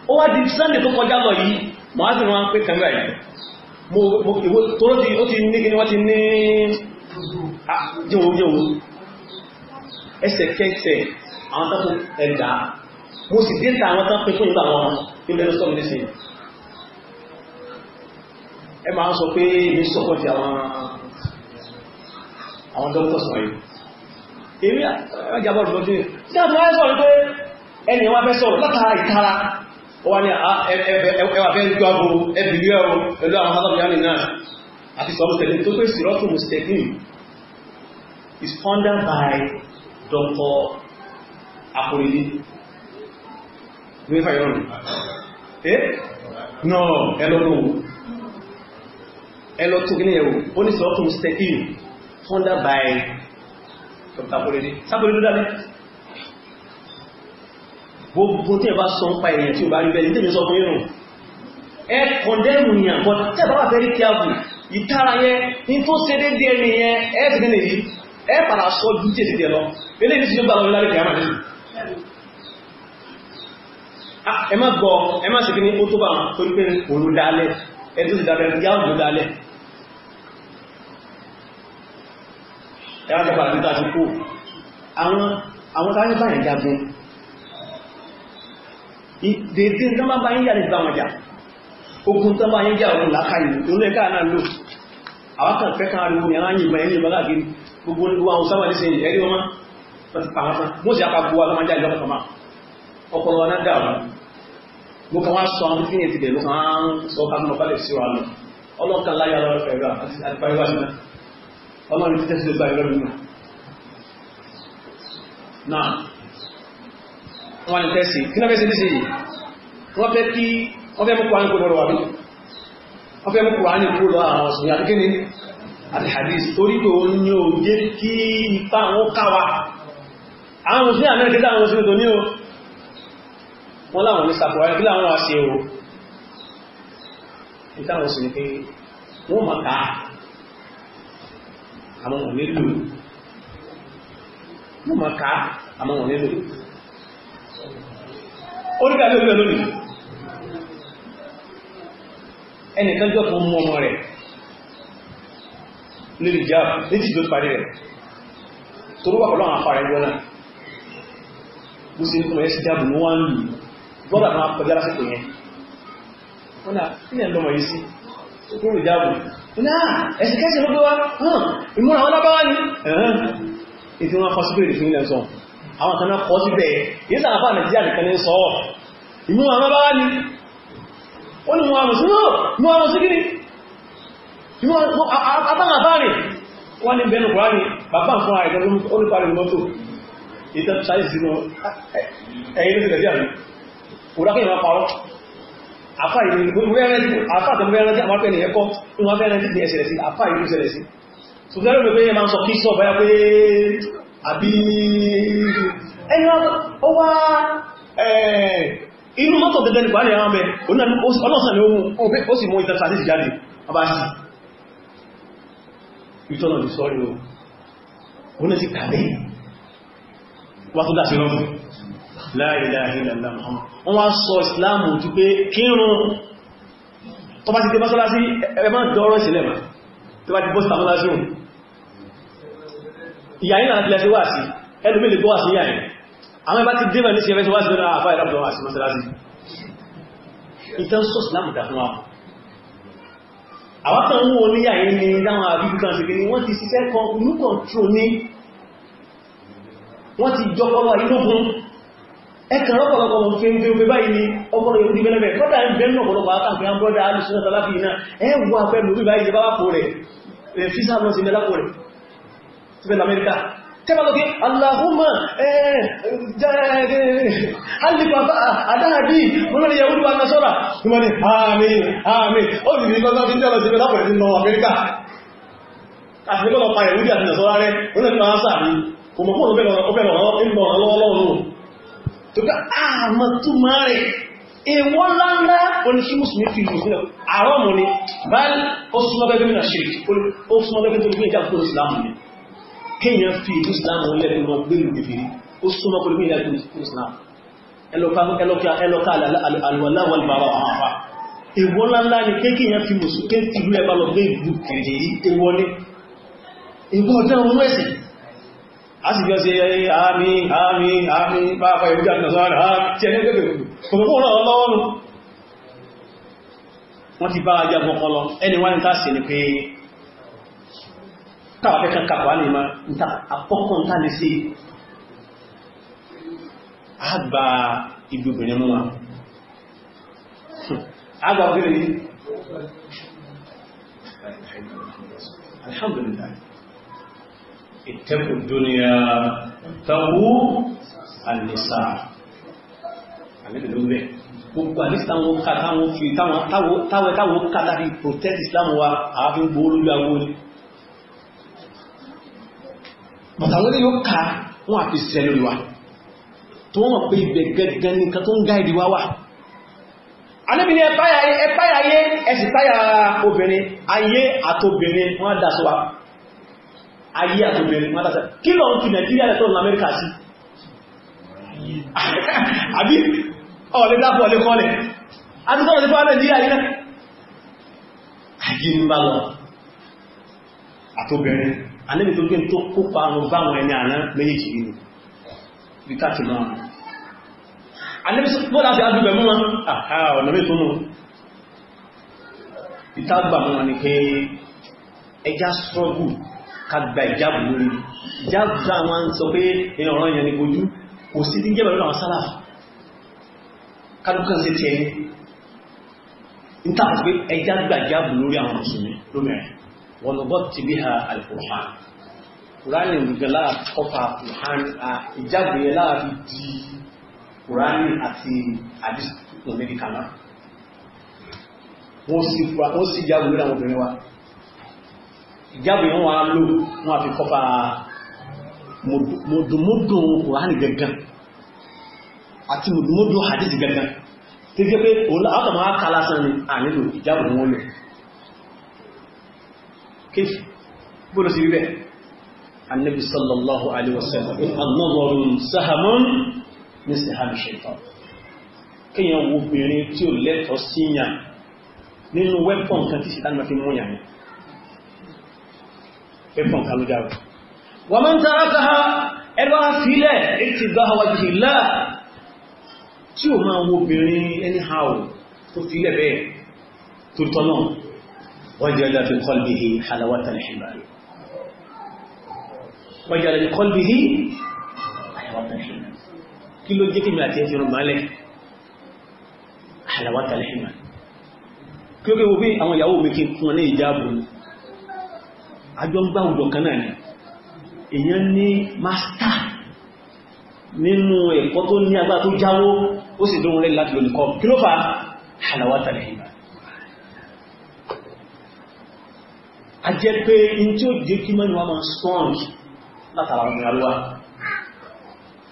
ó wá di sunday tó kọjá lọ yìí mọ̀ á sì rán pé tóró ti ó ti ní kíni wọ́n ti ní ah, jẹun ẹsẹ̀kẹsẹ̀ àwọn tán fún ẹ̀dà mo sì dé ta àwọn tán pín fún ìgbà wọn ní mẹ́rin sọ́mù nísìn ẹ máa sọ pé èmi sọ́pọ̀ ti àwọn àwọn dókítà sọ yìí èmi àjábọ̀ ìgbọ́dún ní àwọn ẹ̀sọ̀ wípé ẹni wá fẹ́ sọ̀rọ̀ látara ìtara wọ́n ní ah, ẹwà fẹ́ jọ tó pé is funded by Dr. Akorili ní fàyọ́nù eh no ẹlọ́rọ̀ ẹlọ́tù gíní ẹ̀wò ó ní sírọ́tù mùsẹ̀lẹ̀ funded by Dr. Akorili sábòrí ló dálẹ́ gbogbo tí ẹ bá sọ ń pa èèyàn tí ó bá rí bẹ́ẹ̀ nítèmi sọ fún irun ẹ kọ̀ndẹ́mù ní àpọ̀ tí ẹ bá wà fẹ́rí kíábù ìtara yẹn ní tó ṣe déédéé ni yẹn ẹ ti gẹ́lẹ̀ yìí ẹ padà sọ ju tí èdè lọ eléyìí tí ó bá wọn lárí kíábù ní. ẹ má gbọ́ ẹ má ṣèkí ní ó tó bá wọn torí pé òun dálẹ̀ ẹ tó ti dálẹ̀ ìyá òun dálẹ̀ ẹ wá jẹ́ pàdé tá àwọn àwọn táyé báyìí jagun dèédé tó máa bá yín yàrá ìgbà wọn jà ogun tó máa yín jà òun làákà yìí òun lè káà náà lò àwọn kan fẹ́ kan ariwo ni àwọn yìnbọn yẹn yìnbọn láàgiri gbogbo gbogbo àwọn sábà ní sẹ́yìn ẹ̀rí wọn máa ti pa wọn fún mo sì apá gbogbo àwọn ajáde lọ́kọ̀ọ́ máa ọpọlọ wọn náà dà wọn mo kàn wá sọ àwọn fífi yẹn ti bẹ̀ ló kàn án sọ káfíńmọ kálẹ̀ sí wa lọ ọlọ́kan láyà lọ́rọ̀ fẹ̀rẹ̀ àti àtìpáríwá sí náà ọlọ́run ti tẹ́sí lọ́gbà ìlọ́run náà wọn ni fẹ́sì kí náà fẹ́sì nísìnyí wọ́n fẹ́ kí wọ́n fẹ́ mú kùránì kó lọ́rọ̀ wàbí wọ́n fẹ́ mú kùránì kó lọ́rọ̀ àwọn ọ̀sùn yàtọ̀ kíni àti hadith torí pé òun ni ò jẹ́ kí ipa àwọn káwa àwọn mùsùlùmí àmì ẹ̀kẹ́ta àwọn mùsùlùmí tó ní o wọ́n láwọn ní sàkùránì kí láwọn wá sí o ìtàwọn sì ni pé wọ́n máa ká àwọn ò nílò wọ́n máa ká àwọn ò nílò oríkà ló lọ lónìí ẹnìkan jọ fún mú ọmọ rẹ̀ lórí jáàbù léjì tó parí rẹ̀ torí wà pẹ̀lú àwọn afárá ẹgbẹ́ náà bó ṣe ń kọ́ ẹ̀ sí jáàbù ní wọ́n lù bọ́dà máa kọjá lásìkò yẹn wọ́n náà kí ni lọ́mọ yìí sí tó kúrò jáàbù náà ẹ̀sìnkẹ́sì ló gbé wá ìmúra wọn lábáwá ni ètò wọn fọ́ sí pé ìrìfún ilẹ̀ sọ̀rọ̀ àwọn kan náà kọ́ síbẹ̀ yìí sàfà nàìjíríà nìkan ní sọ́ọ̀ ìmú àwọn bá wá ní ó ní mọ́ àmùsí náà mọ́ àmùsí gíní àtàrà bá rìn wọ́n ní bẹnu kùrá ní bàbá fún àìdọ́ olùparí mọ́tò ìtẹ́ sáyẹ̀sì náà ẹ̀yìn ní tẹ̀lẹ̀ àmì òdákẹ́ ìwọ̀n parọ́ àfà ìrìn àfà àtàmúrẹ́rẹ́ àbí ẹni ó wá inú mọ́tò tẹ́tẹ́ ní pàálẹ̀ àwọn ọmọ ọlọ́sàn ni ohun ó sì mú ìtàn sàdísì jáde ọba sí ìtọ́nà lè sọ́rí o wọ́n ni ti wá tó dáṣẹ́ lọ́nà la ilaha illallah wọ́n wá sọ ìsìláàmù tí pé kírun tó bá ti tẹ́ bá sọ́lá sí ìyàyìn náà tilẹ̀ sí wà sí ẹlùmí lè gbọ́wà sí ìyàyìn àwọn ẹbá ti dìbẹ̀ ní sí ẹfẹ́sí wà sí lọ́nà àfá ìrọ̀bọ̀ wà sí mọ́sálásí ìtàn sọ́sì lámùdà fún wa àwátàn ń wo níyàyìn ni dáwọn àbíkú kan ṣègbè ni wọ́n ti ṣiṣẹ́ kan inú kọ̀ntró ní wọ́n ti jọpọ̀ wà inúgun ẹkàn lọ́pọ̀lọpọ̀ mọ̀ fi ń fi omi báyìí ni ọgbọ́n yóò dígbẹ́ lẹ́bẹ̀ẹ́ kọ́dà ń bẹ́ẹ̀ lọ́pọ̀lọpọ̀ àtàkùn àbúrọ́dà alùsùn náà tàbí ìná ẹwà pẹ̀lú bíbáyìí bá wà pò rẹ̀ fíṣà lọ sí mẹ́lápò rẹ̀ América, que que de síbẹ̀ lamẹ́ríkà tẹ́bàlọ́gí aláhùmá alìbàbá àdáàbí múlẹ̀ yẹ̀wúrú wa nasọ́rà ìmọ̀ ni àmì àmì ó sì rí lọ́sọ́ tí jẹ́lọ síbẹ̀ lápẹ̀lẹ̀ nínú amẹ́ríkà àfẹ́lọ́pàá yẹ̀wúrú àti nasọ́rà rẹ̀ orílẹ̀ nínú àásà rí òmùkún òbẹ̀lọ̀ ọlọ́ọ̀lọ́ọ̀lọ́ kéèyàn fi ìlú islam lẹ́ pé wọ́n gbé ìlú fèrè ó súnmọ́ pẹ̀lú ìlú ìlú islam ẹlọ́ka alwala wal bara àwọn afá èwọ́ ńláńlá ni kéèyàn fi mùsùlùmí tìlú ẹ̀bá lọ gbé ìlú kẹrìndínlẹ́rí èwọ́ ní èwọ́ ọjọ́ ọmọ ẹ̀sìn a sì jọ sí àmì àmì àmì pàápàá ìrújà nàzọ́rọ̀ àmì tí ẹni gbẹ̀gbẹ̀ kòkòrò náà lọ́wọ́nù wọ́n ti bá ajá gbọ́kọ́ lọ ẹni wá ní tàṣì ni pé táwa fẹ́ kan kàpọ̀ alẹ́ ma níta àkọ́kọ́ níta lè ṣe àgbà ibi obìnrin mú wa àgbà obìnrin alhamdulillah ìtẹ́kù dúnìyà tàwú alìsà alẹ́bẹ̀lẹ́bẹ̀ gbogbo àdísì táwọn ká táwọn fi táwọn táwọn ká láti protect Islam wa àwọn fi ń gbó olójú àwọn olójú bàtà lórí yóò ká wọ́n àfi sẹ́ lórí wa tó wọ́n pé ibẹ̀ gẹ́gẹ́ ní nǹkan tó ń gáìdì wá wà Ànábì ní ẹpáyà ayé ẹsì táyà obìnrin ayé àtobìnrin wọ́n dá sọ́wà ayé àtobìnrin wọ́n dá sọ́wà kí lọ ń fi Nàìjíríà lẹ́tọ́ ní Amẹ́ríkà sí àbí ọ̀lẹ́ dápọ̀ ọ̀lẹ́ kọ́lẹ̀ àti sọ́wọ́n ti fọ́ Nàìjíríà yìí náà ayé ń bá lọ àtobìnrin anẹ́bì tó gbé tó kópa àwọn báwọn ẹni àná méjèèjì nínú bí káàkì máa wọn anẹ́bì tó láti adúgbẹ̀ mú wọn àhá ọ̀nà mẹ́ tó nù ìtagbà mú wọn ni pé ẹjá struggle kagbà ìjábù lórí ìjábù àwọn sọ pé ẹni ọ̀rọ̀ yẹn ni kojú kò sí ti jẹ́bẹ̀ lọ́nà sálà kálùkàn sí ti ẹni ń tàbí pé ẹjá gbà ìjábù lórí àwọn mùsùlùmí ونغطي بها القرآن Kùránì nìkan lára kọ́fà Kùránì a ìjágbe yẹn lára fi di Kùránì àti àdìsíkò níbi kan náà. Wọ́n sì jágbe lórí àwọn obìnrin wa. Ìjágbe wọn wá lò wọn àfi kọ́fà mọ̀dùmọ́dù Kùránì gangan àti mọ̀dùmọ́dù àdìsí gangan. Tí ó pé àwọn àkàlà ni ànílò kéfì bóòlù sí rẹ̀ annabi sallallahu alaihi wasallam in annadharun sahamun ní sahami shaitan kíyàn wo obìnrin tí ó lẹ́tọ̀ síyàn nínú wẹ́pọ̀n kan tí sítánimá fi mú yàn wẹ́pọ̀n kan ló jáwé wọ́n mọ́ ń tara káha ẹgbà fílẹ̀ ètì gbáhàwàjì láà tí ó máa wo obìnrin anyhow tó fílẹ̀ bẹ́ẹ̀ tó tọ́nà وجد في قلبه حلاوة الحمار وجد في قلبه حلاوة الحمار كل ذلك ما تيسير مالك حلاوة الحمار kí ó kéwò bí àwọn ìyàwó mi kí n fún ọ ní ìjáàbù ní àjọ ń gbá òjò kan náà ni èyàn ní mástà nínú ẹ̀kọ́ tó ní agbá tó jáwó ó sì dóhun rẹ̀ láti lónìí kọ́ kí ló fà halawatal himar a jẹ́ pé in tí ó jẹ́ kí mẹ́rin wọn máa sponge látara obìnrin alúwà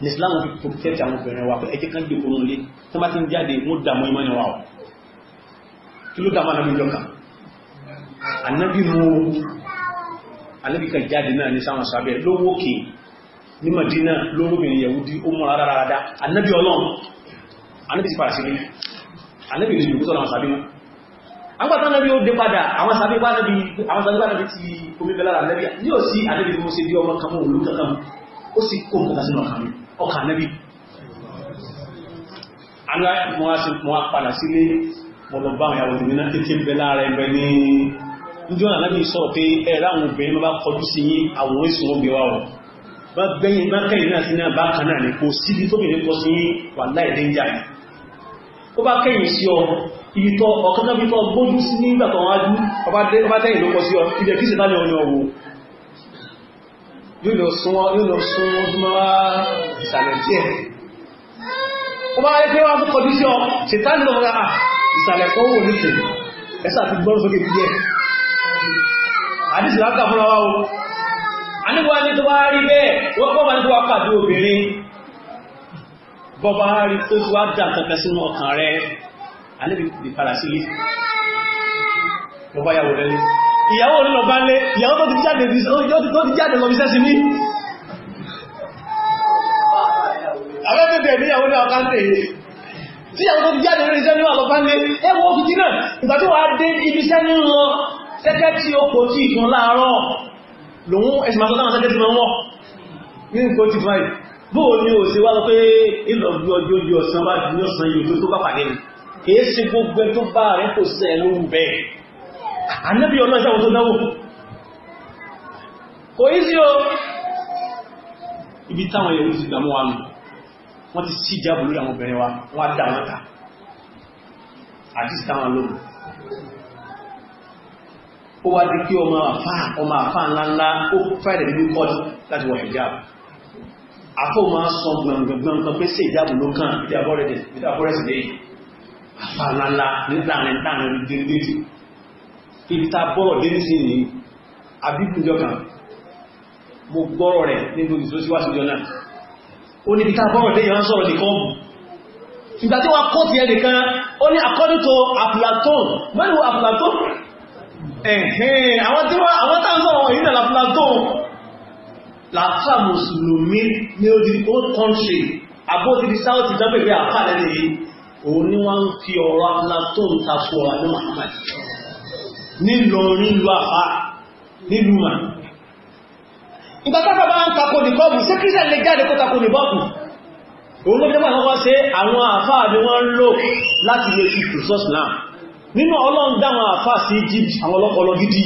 ní Islam fi protect àwọn obìnrin wa pé ẹjẹ́ kan gbé oorun lé tó bá ti ń jáde mú dàmú ìmọ̀ ìwà ọ̀ kí ló dàmú anábì ìjọ kan anábì mú anábì kan jáde náà ní sáwọn sábẹ́ lówó òkè ní Madina lórúbìnrin Yahudi ó múra rárára anábì ọlọ́run anábì ti fara sílé anábì ìrìnlẹ̀ tó tọ́lá wọn sábẹ́ náà àgbàtà náà bí ó dé padà àwọn sàbíbá náà bí ti omi bẹ̀lára lẹ́bí ní ò sí àdébí fún sí bí ọmọ kankan olú kankan ó sì kó mọ́ta sínú ọkà lẹ́bí àwọn padà sílé mọ̀lọ̀bá àwọn ìyàwó ìrìnà kéèké bẹ̀lára ẹgbẹ̀ ní ìjọ́ àlábí sọ pé ẹ̀rá àwọn obìnrin bá kọjú sí yí àwọn orísun omi wa ọ̀ bá gbẹ̀yìn bá kẹ́yìn náà sí náà ìtọ́ ọ̀kan náà bítọ́ gbójú sí nígbà tó wájú ọba tẹ́yìn ló pọ̀ sí ọ ilẹ̀ kí sẹ̀tánì ọ̀nà ọ̀wọ̀ yóò lọ sún ọdún wá ìsàlẹ̀ díẹ̀ ó bá rẹ̀ pé wá tó kọjú sí ọ sẹ̀tánì lọ́wọ́ ah, ìsàlẹ̀ kan wò ní tèmi ẹ̀sà ti gbọ́rù sókè díẹ̀ àdìsì láta fúnra wa o anígbà ní tó bá rí bẹ́ẹ̀ wọ́n pọ̀ máa ní tó wá pàdé obìnrin bọ́bá rí tó tó wá dà kankan ọkàn rẹ̀ àníbi ti padà sí lé lọ bá yàwó lẹ́lé ìyàwó orí lọ bá lé ìyàwó tó ti jáde lọ bí sẹ́sì ní afẹ́fẹ́fẹ́ ìyàwó ní ọ̀ká tẹ̀ tí ìyàwó tó ti jáde lórí sẹ́ni wà lọ bá lé ẹwọ́ fìtí náà ìgbà tó wà dé ibi sẹ́ni lọ sẹ́kẹ́ tí ó kò tí ìtàn láàárọ̀ lòun ẹ̀sìmọ̀tọ́tàwọn sẹ́kẹ́ ti mọ́ wọ́n ní nǹkan ti fàyè bóò ni ò sí wá lọ pé ìlọ̀gbí ọjọ́ ọjọ́ ọ̀sán bá jù ní ọ̀sán yìí tó bá pàdé ni kìí sí gbogbo tó bá rẹ̀ kò sẹ́ lóhun bẹ́ẹ̀ anábí ọlọ́ ìṣàwọn tó náwó kò yí sí o ibi táwọn yẹ̀wò ti dàmú wa nù wọ́n ti sí ìjábò lórí àwọn obìnrin wa wọ́n á dà wọ́n ta àti ìsìtáwọn lóhun ó wá di kí ọmọ àfáà ọmọ àfáà ńláńlá ó fẹ́rẹ̀ nínú kọ́ọ̀tù láti wọ ìjábò àfọ́ máa sọ gbọ̀ngbọ̀ngbọ̀n sí ìjábò ló kàn rẹ̀ sì léyìí àfàlàlà nítàrin tàrin dìndìdì pítà bọ́ọ̀dé sí ní àbíkújọ kan mo gbọ́rọ̀ rẹ̀ nínú ìsọ́síwájú jọ náà ó ní pítà bọ́ọ̀dé yàn sọ̀rọ̀ nìkan ìgbà tí wà kọ́ ti ẹni kan ó ní according to Aflatón mẹ́lú Aflatón ẹ̀hẹ́n àwọn tí wọ́n tán sọ̀rọ̀ ìrìnà Aflatón láfà mùsùlùmí ní ó di old country abó ti di south ìjọba ìgbé àpá lẹ́nìí òun ni fi ọ̀rọ̀ abúlá tó ń ta fún ọ̀rọ̀ ní Muhammad nílọrin ìlú nílùú mà nígbà tápá bá ń takò ní bọ́ọ̀bù sí kírísẹ̀ lè jáde kó takò ní bọ́ọ̀bù òun ló jẹ́mà wọ́n ṣe àwọn ni wọ́n ń lò láti lè fi náà nínú ọlọ́run dáwọn sí Egypt àwọn gidi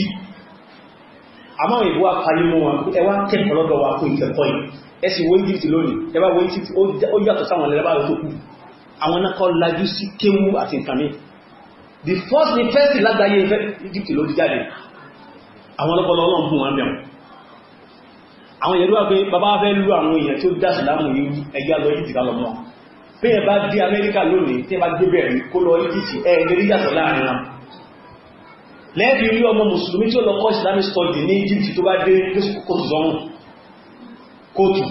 àmọ́ ìbú apayé wọn kẹ́kọ̀ọ́ lọ́dọ̀ fún yìí Egypt lónìí Egypt ó yàtọ̀ sáwọn ẹlẹ́bàá tó àwọn náà kọ́ lajú sí kéwú àti nǹkan mi the first ni first lágbàáyé Egypt ló jáde àwọn ọlọ́pọ̀lọ́ ọlọ́run bùn wọn mẹ́wọ̀n àwọn ìyẹ̀lú wà pé bàbá fẹ́ lú àwọn èèyàn tó dá sùlámù yìí ẹgbẹ́ lọ Egypt ká lọ mọ́ bí ẹ bá dé Amẹ́ríkà lónìí tí ẹ bá dé bẹ̀rẹ̀ kó lọ Egypt ẹ lérí yàtọ̀ láàrin wọn lẹ́ẹ̀bí rí ọmọ mùsùlùmí tí ó lọ kọ́ Islamic study ní Egypt tó bá dé kóòtù sọ́run kóòtù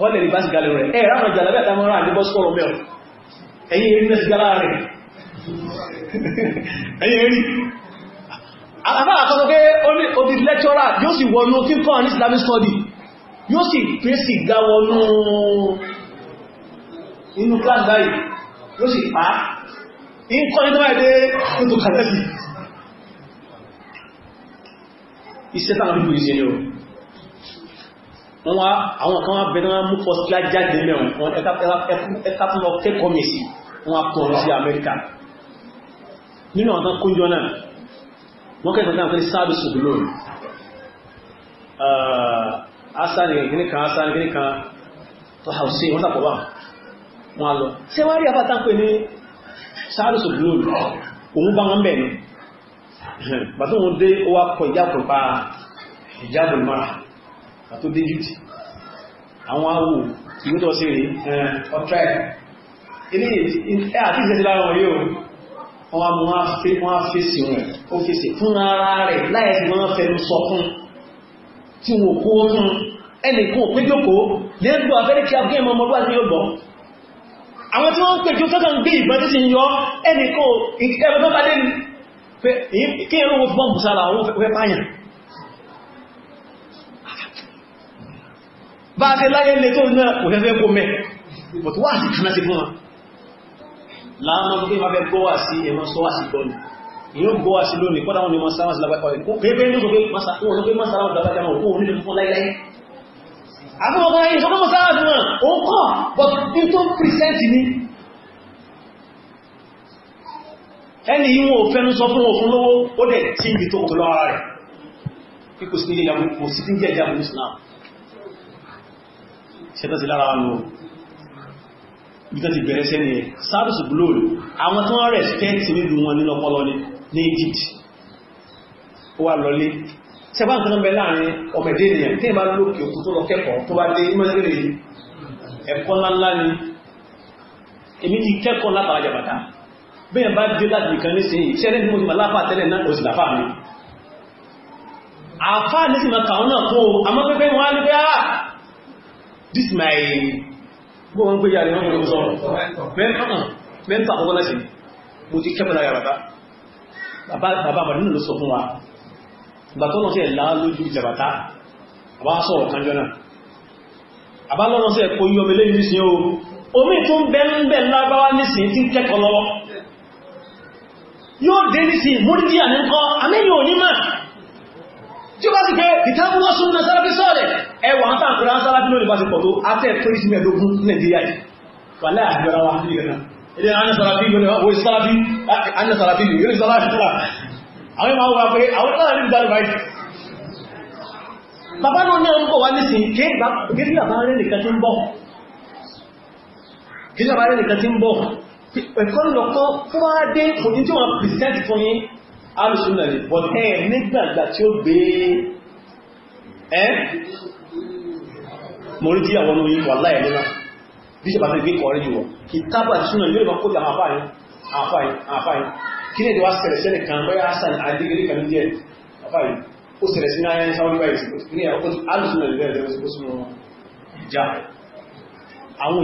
wọ́n lè rí bá sí galẹ̀ rẹ̀ ẹ̀ ráwọn jàlábẹ́ àtàmọ́ra àdébọ́ sọ́rọ̀ mẹ́ ẹ̀yìn erí mẹ́sì gálá rẹ̀ ẹ̀yìn erí afẹ́ àkọ́kọ́ pé ó di lẹ́kṣọ́rà yóò sì wọnú tí kọ́ ní Islamic study yóò sì pé sì ga wọnú inú class báyìí yóò sì pa in kọ́ nítorí ẹ̀dẹ́ kútù kàlẹ́bì iṣẹ́ tàbí ìṣẹ́ yóò wọ́n àwọn kan wọ́n bẹ̀rẹ̀ wọ́n mú fọ́sílá jáde mẹ́wọ̀n wọn ẹka tó lọ kẹ́kọ̀ọ́ mẹ́sì wọ́n kọ̀ sí Amẹ́ríkà nínú àwọn kan kúnjọ náà wọ́n kẹ́kọ̀ọ́ náà fẹ́ sáàbì ṣùgbọ́n asani gini kan asani gini kan tó hausi wọ́n sàpọ̀ bá wọn lọ ṣé wọ́n rí afáta ń pè ní sáàbì ṣùgbọ́n òun bá wọn bẹ̀ ni bàtí wọn dé ó wá kọ ìjáàbùn pa ìjáàbùn mara àtó déjútì àwọn awò ìwútọ̀ sí rí ọ̀trẹ́ ilé àti ìṣẹ́sí lára wọn yóò wọ́n mú wọ́n fèsì rẹ̀ ó fèsì fún ara rẹ̀ láìsí wọ́n fẹ́nu sọ fún tí wọ́n kó fún ẹnìkan péjókòó lẹ́gbọ́ abẹ́rẹ́kí abúgbé ọmọdún àti yóò gbọ́ àwọn tí wọ́n péjó tọ́tọ̀ ń gbé ìbọn tí ti ń yọ ẹnìkan ìkẹ́rẹ́ tó bá dé ní pé kí ẹ̀rọ wọn fún bọ́m̀bù sára àwọn fẹ́ pààyàn bá ṣe láyé lè tó náà kò fẹ́fẹ́ kó mẹ́ but wá sí kaná sí fún wa láàmọ́ tó fẹ́ gbọ́ wá sí ẹmọ́ sọ wá sí gbọ́nù ìyó gbọ́ wá sí lónìí kọ́dá wọn ni wọ́n sáwọn sí lábẹ́ kọ́rin kó pépé ní sọ́pẹ́ masáwọn lábẹ́ jẹ́ wọn kó wọn nílẹ̀ fún láíláí àbí wọn báyìí sọ́pẹ́ masáwọn sí wọn ó kọ́ but in tó present ni ẹni yìí wọn ò fẹ́nu sọ fún òfin lówó ó dẹ̀ tí ibi tó kọ lọ́wọ́ rẹ̀ kíkò sí ilé ìyàwó kò sí tí ń jẹ́ ìyàwó Islam ṣẹ́tọ́ sí lára wọn bíkọ́ ti bẹ̀rẹ̀ sẹ́ni ẹ̀ sáàbùsù glory àwọn tó wọ́n rẹ̀spẹ́tì nílùú wọn nínú ọpọlọ ní Egypt ó wà lọlé ṣẹbá nǹkan bẹ láàrin ọmọdé ènìyàn tí ìbá lókè òkú tó lọ kẹ́kọ̀ọ́ tó bá dé ìmọ̀lẹ́rẹ̀ ẹ̀kọ́ ńláńlá ni èmi ti kẹ́kọ̀ọ́ látara jàbàtà bẹ́ẹ̀ bá dé láti nìkan nísìnyí ṣẹ́rẹ́ ní mo this my gbogbo wọn pé yà lẹ́wọ́n pẹ̀lú sọ́rọ̀ mẹ́ta àkọ́kọ́ láti mo ti kẹ́mẹ́lá yà bàbá bàbá àmàdínà ló sọ fún wa bàtọ́nà sí ẹ̀lá lójú ìjàbàtá àbá sọ̀rọ̀ kanjọ́ náà àbá lọ́nà sí ẹ̀kọ́ yọ mẹ́lẹ́ yìí sí o omi tún bẹ́ẹ̀ lágbáwá nísìn tí kẹ́kọ̀ọ́ lọ́wọ́ yóò dé nísìn múrídíà ní nǹkan tí ó bá ti pé ìtàkùn wọ́n súnmọ́ sárábí sọ́ọ̀lẹ̀ ẹwà ń tàkùrá ń sárábí lónìí bá ti pọ̀ tó afẹ́ tórísì mẹ́ẹ̀dógún nàìjíríà yìí wàlẹ́ àgbẹ̀rẹ̀ wa nílẹ̀ ilẹ̀ àánà sárábí yóò ní wọ́n sárábí àánà sárábí yóò ní sárábí tó àwọn ìmọ̀ wà pé àwọn náà ní ìgbà rẹ̀ bàbá náà ní ọmọ wà nísìn kí bàbá rẹ̀ nìkan tí ń bọ̀ kí bàbá rẹ̀ nìkan tí ń bọ̀ ẹ̀kọ́ lọ́kọ́ fún wá dé kò ní tí wọ́n pìsẹ́ntì fún yín alùsùnà rí but ẹ nígbàgbà tí ó gbé ẹ́ mọ̀rí jí àwọn olóyìn wà láì lọ́la bí ṣe bá fẹ́ gbé kọ̀ọ̀rẹ́ jù wọ́n kì tábà tí súnà yóò kó àwọn afáyín afáyín afáyín kí ní ìdíwá sẹ̀rẹ̀ sẹ́lẹ̀ kan bẹ́ẹ̀ asan adégeré kan ní díẹ̀ afáyín ó sẹ̀rẹ̀ sí náà yẹn sáwọn báyìí sí ní ẹ̀kọ́ alùsùnà rí bẹ́ẹ̀ lọ́wọ́ sí já àwọn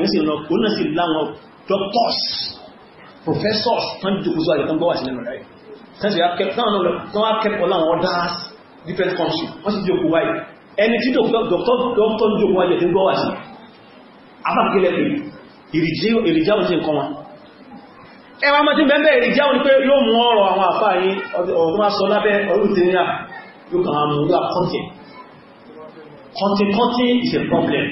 doctors professors tán jòkó sọ àyẹ̀tán bọ́wà sí tẹ́sí akẹ́kọ̀ọ́ láwọn others different country wọ́n sì jòkó wáyé ẹni tí dọ́kítọ́ jòkó wáyé tí ń gbọ́ wà sí afákílẹ̀ pé ìrìjáwò sí nǹkan wọn ẹwà mọ́ tí bẹ́ẹ̀ ìrìjáwò ní pé yóò mú ọ̀rọ̀ àwọn àfáàyí ọdún aṣọ lábẹ́ ọlútìníà yóò kàn án mú yóò àkọ́tẹ̀ kọ́ntẹ́kọ́ntẹ́ is a problem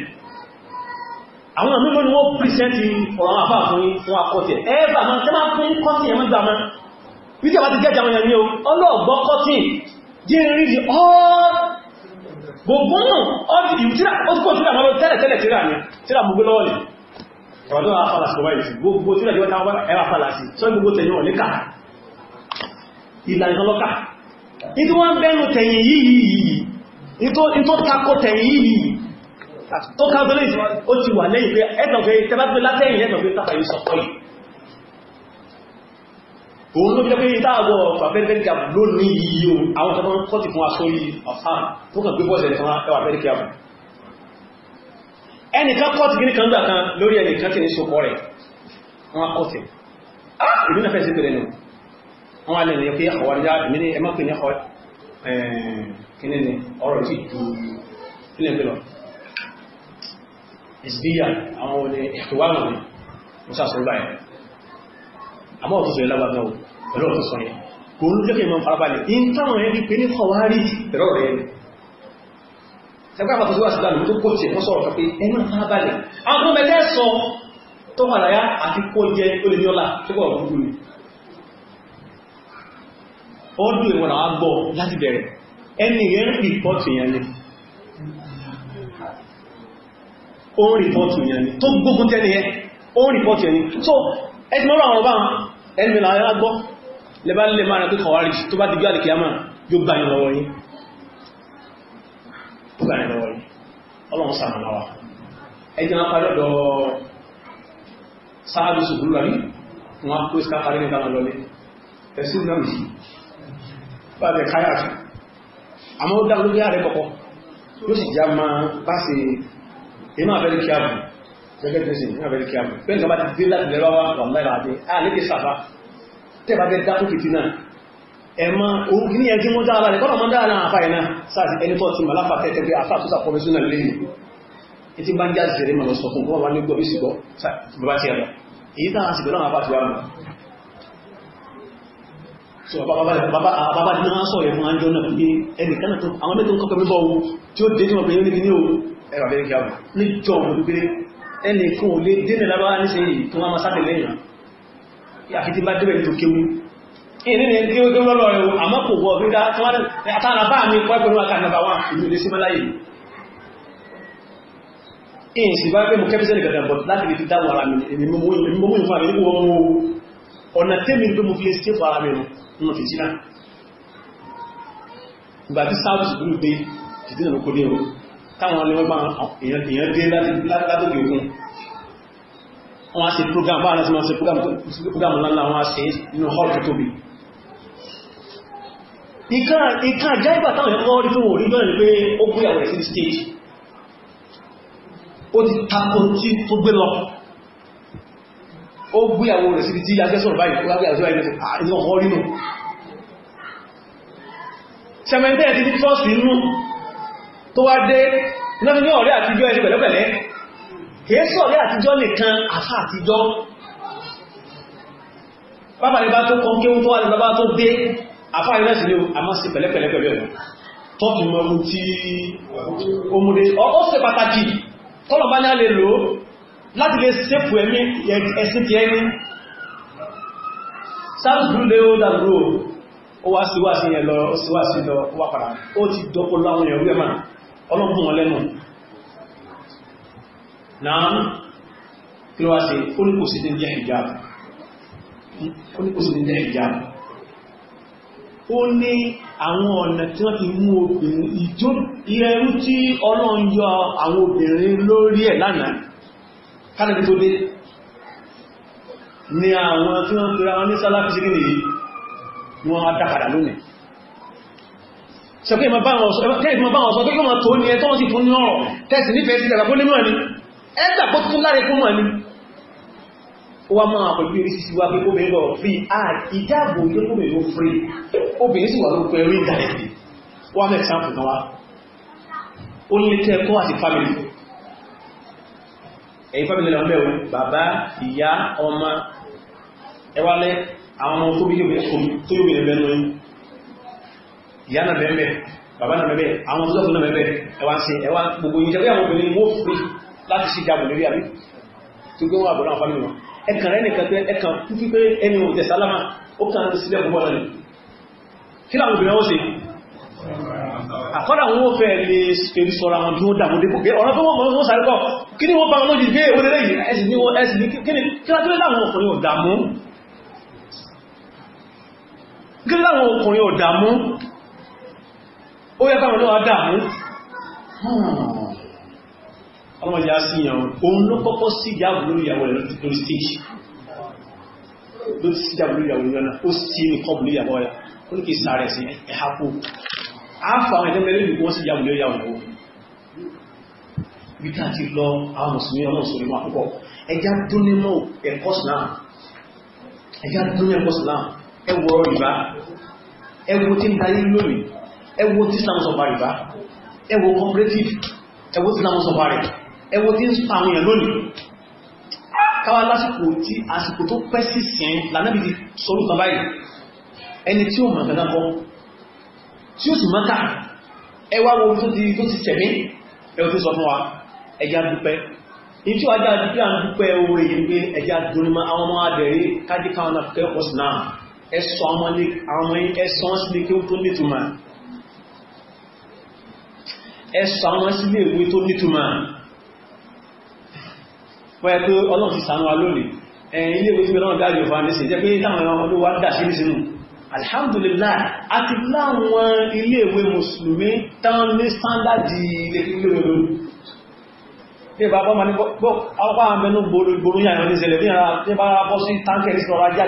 àwọn àmúlò ni wọ́n pìrìsẹ́ntì ọ̀rọ̀ àwọn àfáà fún akọ́tẹ̀ ẹ̀ẹ́bà máa tẹ́ máa pín kọ́ntẹ́ ẹ̀mọ́gbà máa bí kẹwàá ti gẹ́jà wọnyẹ̀ ní o ọlọ́ọ̀gbọ́ kọ́tín jẹ́ rírí gbogbo náà ọdí ìwútíra ó tí kò tíra mọ́ tẹ́lẹ̀ tẹ́lẹ̀ tíra ní tíra gbogbo lọ́wọ́ ní ọdún afalasi wáyé sí gbogbo tíra jẹ́ wọ́n ẹwà falasi tó ń gbogbo tẹ̀yìn ọ̀lẹ́kà ìlànà lọ́kà ìtí wọ́n bẹ́nu tẹ̀yìn yìí ìtó takò tẹ̀yìn yìí tó ká òun ló jẹ́ pé ìdáàbọ̀ pàfẹ́fẹ́ríkà lónìí yìí o àwọn tọ́tọ́ tọ́tì fún asórí ọ̀fán tó kàn gbébọ̀ ṣẹlẹ̀ tán ẹwà fẹ́ríkà bù ẹnìkan kọ́tì gíní kan gbà kan lórí ẹnìkan tí ní so kọ́ rẹ̀ wọ́n kọ́tì ìlú ah, náà fẹ́ sí pẹ̀lẹ̀ nù wọ́n alẹ́ ìyẹ́ pé àwọ̀dá ìmí ní ẹmọ́ pè ní kíní eh, ni ọ̀rọ̀ sí ju ilẹ̀ àwọn olè ìtùwárùn-ún musa sọ́lá àmọ́ ọ̀tún sọ ìlábàtà ò pẹ̀lú ọ̀tún sọ yẹn kò ń jẹ́kẹ̀ ìmọ̀ farabalẹ̀ in táwọn ẹbí pé ní kọwárí ẹ̀rọ rẹ̀ ni ẹgbẹ́ àpapọ̀ tó wà sí ìdánù tó kó tiẹ̀ wọ́n sọ̀rọ̀ pé ẹnu farabalẹ̀ àwọn tó mẹ́tẹ́ sọ tó wà láyá àti kó jẹ olè ní ọlá tó kọ̀ ọ̀dúnkù ni ọdún ìwọ̀n àwọn gbọ́ láti bẹ̀rẹ̀ ẹni yẹn ó rìpọ́tù yẹn tó gbógun tẹ́ni yẹn ó rìpọ́tù yẹn ni ẹ̀tí mọ́rọ̀ àwọn ọba ẹni lára agbọ́ lẹ́bá lè máa rẹ̀ kíkọ̀ wárí tó bá ti gbá àdìkìyà máa yóò gbá ìlọ́wọ́ yìí ọlọ́run sàmàláwà ẹjẹ́ wọn parí ọ̀dọ̀ sáàbì ṣùgbùrú rẹ̀ wọn kó ìsìká parí nígbà wọn lọlé ẹ̀sùn náà yìí bá bẹ̀ káyà fún àmọ́ ó dá olóbi ààrẹ kọ̀kọ́ gẹ́gẹ́ bí ẹ̀sìn ìrìnàbẹ̀rẹ̀ kí a mọ̀ pẹ́lú ọba ti dé láti lẹ́rọ wá wà láìra àti àlékè sàfá tẹ́bà bẹ́ dákù fìtí náà ẹ̀mà orúkí ní ẹjú mọ́ dára rẹ̀ kọ́lọ̀mọ́ dára náà àfà iná sáàsì ẹni tọ́ ti màláfà tẹ́tẹ́ pé àfà tó sàpọ̀mẹ́sọ́nà lẹ́yìn ìtí bá ń já zẹ̀rẹ̀ mọ̀ lọ́sọ̀ fún wọ́n wá ní gbọ́bí sígbọ́ bàbá ti ẹ̀rọ èyí tàà sì bẹ̀rẹ̀ àfà ti wá mọ̀ so bàbá ní wọ́n sọ ẹ̀fún àjọ náà pé ẹnìkan àwọn mẹ́tọ́ kọ́kọ́ mẹ́bọ̀ tí ó dé ní ọ̀pẹ̀ yóò ní kí ní o ẹ̀rọ abẹ́rẹ́ kí a mọ̀ ní jọ ọmọ gbé ẹnìkan ò lè dínlẹ̀ lábáwá ní ṣe yìí tó wá máa sábẹ̀ lẹ́yìn àkìtí bá débẹ̀ tó kéwú ìrìn ní kí ó gẹ́gẹ́ lọ́rọ̀ ẹ̀wọ̀ àmọ́ kò bọ̀ gbígbá tí wọ́n àtàrà bá mi kọ́ ẹgbẹ̀rún àkà nàbà wà ìlú ilé sí mọ́láyé ìyìn sì bá pé mo kẹ́bí sẹ́lẹ̀ gẹ̀gẹ̀ bọ̀ táwọn ọlọ́gbà èèyàn dé látòkè òkun wọ́n á ṣe program báwọn láti máa ṣe program lọ́la wọ́n á ṣe inú hall tó tóbi ìkan àjágbà táwọn ẹ̀kọ́ orí tó wò rí bẹ́ẹ̀ pé ó gbé àwọn ẹ̀sìn stage ó ti tako tí tó gbé lọ ó gbé àwọn rẹ̀ síbi tí agbẹ́sọ̀rọ̀ báyìí wọ́n gbé àwọn ẹ̀sìn àìsàn ọ̀rínù sẹ́mẹ̀ntẹ́ ti fọ́sì inú tó wá dé lọ́nà ní ọ̀rẹ́ àtijọ́ ẹni pẹ̀lẹ́pẹ̀lẹ́ kìí sọ ọ̀rẹ́ àtijọ́ nìkan àfá àtijọ́ bàbá ní bá tó kọ́ kéhún tó wá ní bàbá tó dé àfá ìrẹsì ní àmọ́ sí pẹ̀lẹ́pẹ̀lẹ́ pẹ̀lú ẹ̀wọ̀n tọ́pì mọ́mú tí omúdé ó ṣe pàtàkì tọ́lọ̀ bá ní a lè lò láti lè sẹ́fù ẹ̀mí ẹ̀sìn ti ẹni sáàtùdú lé ó dàgbò ó wá síwá sí yẹn lọ ó síwá sí lọ wá padà ó ti dọ́pọ̀ láwọn ẹ̀rú ẹ̀mà ọlọ́gbùn wọn lẹ́nu náà kí ló wá sí oníkòsí ní jẹ́ hijab ó ní àwọn ọ̀nà tí wọ́n ti mú obìnrin ìjó ìrẹrú tí ọlọ́run yọ àwọn obìnrin lórí ẹ̀ lánàá kánàbí tó dé ni àwọn tí wọ́n pèrè àwọn ní sálàfíṣírí nìyí wọ́n á dákàdà lónìí ṣẹ̀kọ́ ìmọ̀ bá wọn sọ tó kí wọ́n tó ní ẹ tó wọ́n sì fún ní ọ̀rọ̀ tẹ́sì nífẹ̀ẹ́ sí ìdàgbàgbó nínú ẹni ẹgbà kó tún láre fún wọn ni wọ́n máa pẹ̀lú eré sí wá pé obìnrin lọ fi ààrẹ ìdáàbò ilé obìnrin ló fúrí obìnrin sì wà ló pẹ̀lú ìdàrẹ́sì wọ́n mẹ́ sáàpù kan wá ó ní tẹ́ ẹ̀kọ́ àti fámìlì ẹ̀yìn fámìlì lọ mẹ́rin bàbá ìyá ọmọ ẹwálẹ́ àwọn ọmọ tó bí yóò bẹ̀rẹ̀ ìyá náà mẹ́mẹ́ bàbá náà mẹ́mẹ́ àwọn ọmọdé náà mẹ́mẹ́ ẹwà ń ṣe ẹwà gbogbo yìí jẹ́gbé àwọn obìnrin wó fún láti sí ìjábọ̀ lórí àbí tó gbé wọn àbọ̀dá fámìlì wọn ẹkàn rẹ̀ nìkan pé ẹkàn kú pípé ẹni òtẹ̀ sálámà ó kàn ń sílẹ̀ púpọ̀ náà ni kí làwọn obìnrin wọn ṣe àkọ́dà wọn fẹ́ lè fèrè sọ́ra wọn bí wọ́n dàmú dé pé ọ̀rọ̀ tó wọ́n mọ̀ sáré kọ́ kí ni wọ́n bá wọn lójì gbé èwo lélẹ́ yìí ẹ̀sìn ní wọ́n ẹ̀sìn ní kí ni kí láwọn ọkùnrin ò dàmú ó yẹ káwọn náà dàmú hmm. ọlọ́mọdé á sí ìyàwó òun ló kọ́kọ́ sí ìyàwó lórí ìyàwó rẹ̀ lórí stage ló sí ìyàwó lórí ìyàwó rẹ̀ ó sí ní kọ́ọ̀bù lórí ìyàwó rẹ̀ ó ní kí sáré sí ẹ̀há kú á fa àwọn ẹ̀dẹ́gbẹ́ lórí wọ́n sí ìyàwó lórí ìyàwó rẹ̀ bí ká ti lọ àwọn mùsùlùmí ọlọ́run sórí wọn àkọ́kọ́ ẹja dún nínú ẹ̀kọ́ sùlám ẹja dún nínú ẹ̀kọ́ sùlám ẹwọ ìbá ẹwọ tí ń darí lónìí ẹwọ tí islam sọ parí bá ẹwọ cooperative ẹwọ tí islam sọ parí ẹwọ tí ń sọ àwọn èèyàn lónìí káwà lásìkò tí àsìkò tó pẹ́ sí sìn lànàbí ti sọrú kan báyìí ẹni tí ó mọ̀ nǹkan kọ́ tí ó sì mọ́ta ẹwà wo tó ti tó ti sẹ̀mí ẹwọ tó sọ fún wa ẹja dúpẹ́ ní tí ó ajá dúpẹ́ àwọn dúpẹ́ oore yìí pé ẹja dúnímọ̀ àwọn ọmọ adẹ̀rí kájíkà wọn kẹ́kọ̀ọ́ sí náà ẹ̀sọ́ ọmọ ẹ̀sọ́ sílé kí ó tó nítumọ̀ ẹsọ àwọn sílé ìwé tó nítumà wọ́n pé ọlọ́run ti sànú wa lónìí ẹ̀yìn ilé ìwé tí wọ́n dárí ọ̀fà ní sí jẹ́ pé táwọn olówó dà sí sínú alhamdulillah àti láwọn ilé ìwé mùsùlùmí tán ní sándàdì ilé ìwé olóòrùn bí i bá bọ́ ma ní ọpá àmẹ́nú gbòrò yàyàn ní ìṣẹ̀lẹ̀ bí i bá bọ́ sí tánkẹ̀ ní sọ́rọ̀ ajá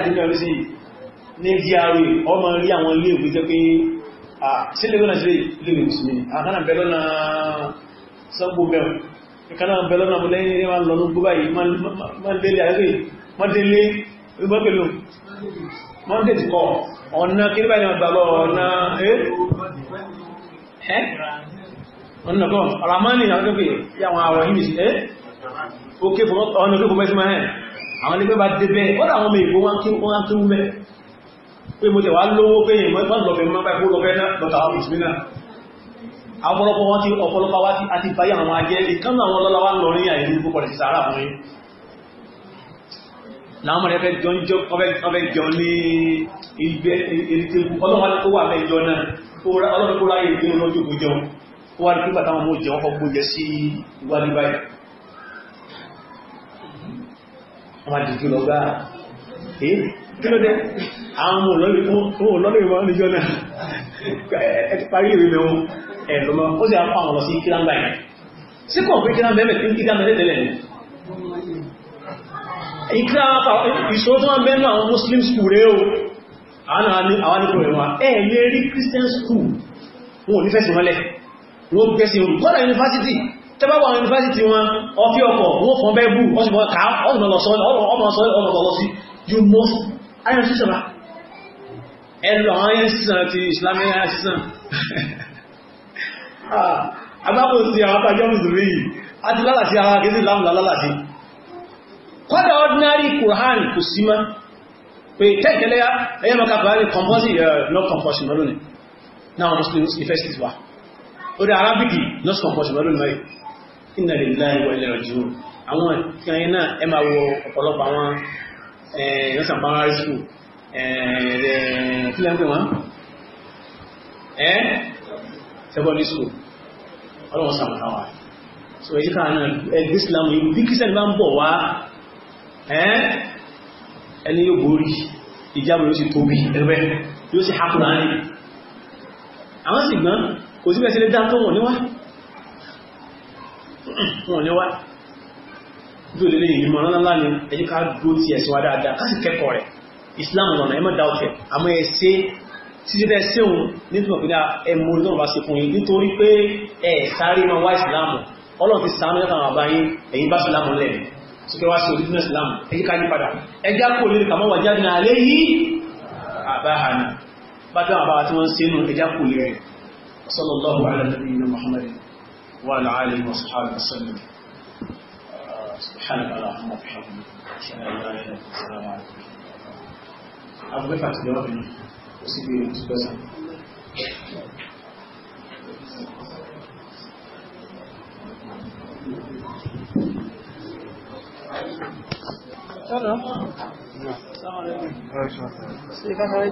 na ah, sílé lọ́nà sílé ilé mùsùlùmí àkánà ah, bẹ̀rẹ̀ lọ́nà sọ́gbò bẹ̀rẹ̀ ìkánà bẹ̀rẹ̀ lọ́nà lẹ́yìn ẹwà lọ́nà gbogbo yìí ma délé àgbẹ̀ ma délé gbogbo monday ti kọ́ ọ̀nà kí báyìí ma gbàgbọ́ ọ̀nà ẹ́ ọ̀nà kọ́ ramani àwọn tó fi yàwọn àwọn yìí sí ẹ́ òkè fún ọ̀nà tó fún mẹ́sí máa ẹ̀ àwọn ilé bá débẹ̀ ọ̀dà àwọn ọmọ ìgbó wọn kí wọ́n pé mo tẹ̀ wá lówó pé ìmọ̀ lọ́fẹ́ mọ́ báyìí lọ́fẹ́ náà lọ́ta àwọn ìsinmi náà ọ̀pọ̀lọpọ̀ wọn ti ọ̀pọ̀lọpọ̀ wá ti àti báyà àwọn ajẹ́lì kán náà wọn lọ́lọ́wà lọ rí àìrí púpọ̀ lè sàárà fún yí láwọn mọ̀rẹ́ fẹ́ jọ ní ìgbẹ́ ìrìtẹ́kù ọlọ́wọ́n tó wà mẹ́jọ náà ọlọ́wọ́n tó ráyè ìgbẹ́ olójú kò jẹun ó wá rí pípà táwọn mọ́ jẹun ọkọ̀ gbójẹ sí ìwádìí báyìí wọ́n á dìjú lọ gbáà kí ló dé àwọn ọmọ olólùwẹ̀ wọn níjọ́ náà ẹ ti parí ìwé mẹ́wọ́n ẹ̀ lọ́mọ ó sì apá àwọn lọ sí kíláńgbà yẹn sí kò pé kíláńgbà bẹ́ẹ̀ tí kíláńgbà bẹ́ẹ̀ tẹ́lẹ̀ ni ìṣòro tó wọ́n bẹ́ẹ̀ àwọn muslim school rẹ̀ o àwọn ní problem wa ẹ̀ lè rí christian school wọn ò ní fẹ́sìn wọn lẹ̀ wọn ò gbẹ́sìn wọn kọ́dà university tẹ́bàbà àwọn yunifásitì wọn ọfí ọkọ̀ wọn fọ́n bẹ́ẹ̀ bù wọ́n sì mọ́ ká ọmọ lọ sí you must ayọ̀ sísọ bá ẹlù àwọn ayẹ́ sísan ti islamic ayẹ́ sísan àbábò ah, sí àwọn àtàjọ́ mùsùlùmí yìí a ti lálàsí ara gẹ́sì lámùlá lálàsí kọ́dà ordinary Quran kò sí má pé tẹ́kẹ̀lẹ́ ẹyẹ́ mọ́ká bàárí compulsory not compulsion lónìí náà muslims universities wa orí Arabic not compulsion lónìí mẹ́rin inna lillahi wa inna ilaihi raji'un àwọn ìkànnì náà ẹ máa wo ọ̀pọ̀lọpọ̀ àwọn Eh, yọ́sàn primary school kílẹ̀ ń pè wọ́n ẹ́ eh? secondary school ọlọ́wọ́n sàmàrà wà so èyí káà náà ẹgbẹ́ Islam yìí bí kírísẹ́n bá ń bọ̀ wá eh, ẹni yóò borí ìjábọ̀ yóò sì tóbi ẹgbẹ́ yóò sì hapun láàrin àwọn sì gbọ́n kò sí bẹ́ẹ̀ sí lé dá tó wọ̀n níwá bí olè lẹ́yìn ìmọ̀ ńláńlá ni ẹjẹ́ ká dúró ti ẹ̀sìn wa dáadáa ká sì kẹ́kọ̀ọ́ rẹ̀ Islam lọ́nà ẹmọ́ dá ọ̀tẹ̀ àmọ́ ẹ ṣe títí tẹ́ ṣéun nítorí pé ẹmọ náà bá ṣe fún yín nítorí pé ẹ sáré máa wá Islam Ọlọ́run ti sàánú yàtọ̀ àwọn àbáyín ẹ̀yìn bá Islam lẹ̀ sókè wá sí orísun Islam ẹjẹ́ ká yí padà ẹjẹ́ kó lè kàmọ́ wà jáde náà lé yí àbáhàní bá tẹ́wọ̀n àbáwá tí wọ́n ń sínú ẹjẹ́ kó lè rẹ̀ sallallahu ala nabiyina Muhammadin wa ala alihi wa sahbihi wa sallam سبحانك اللهم وبحمدك اشهد ان لا اله الا انت السلام عليكم أبغى فاتي لوبي وسيبي مسكوزا Hello. Assalamu alaikum.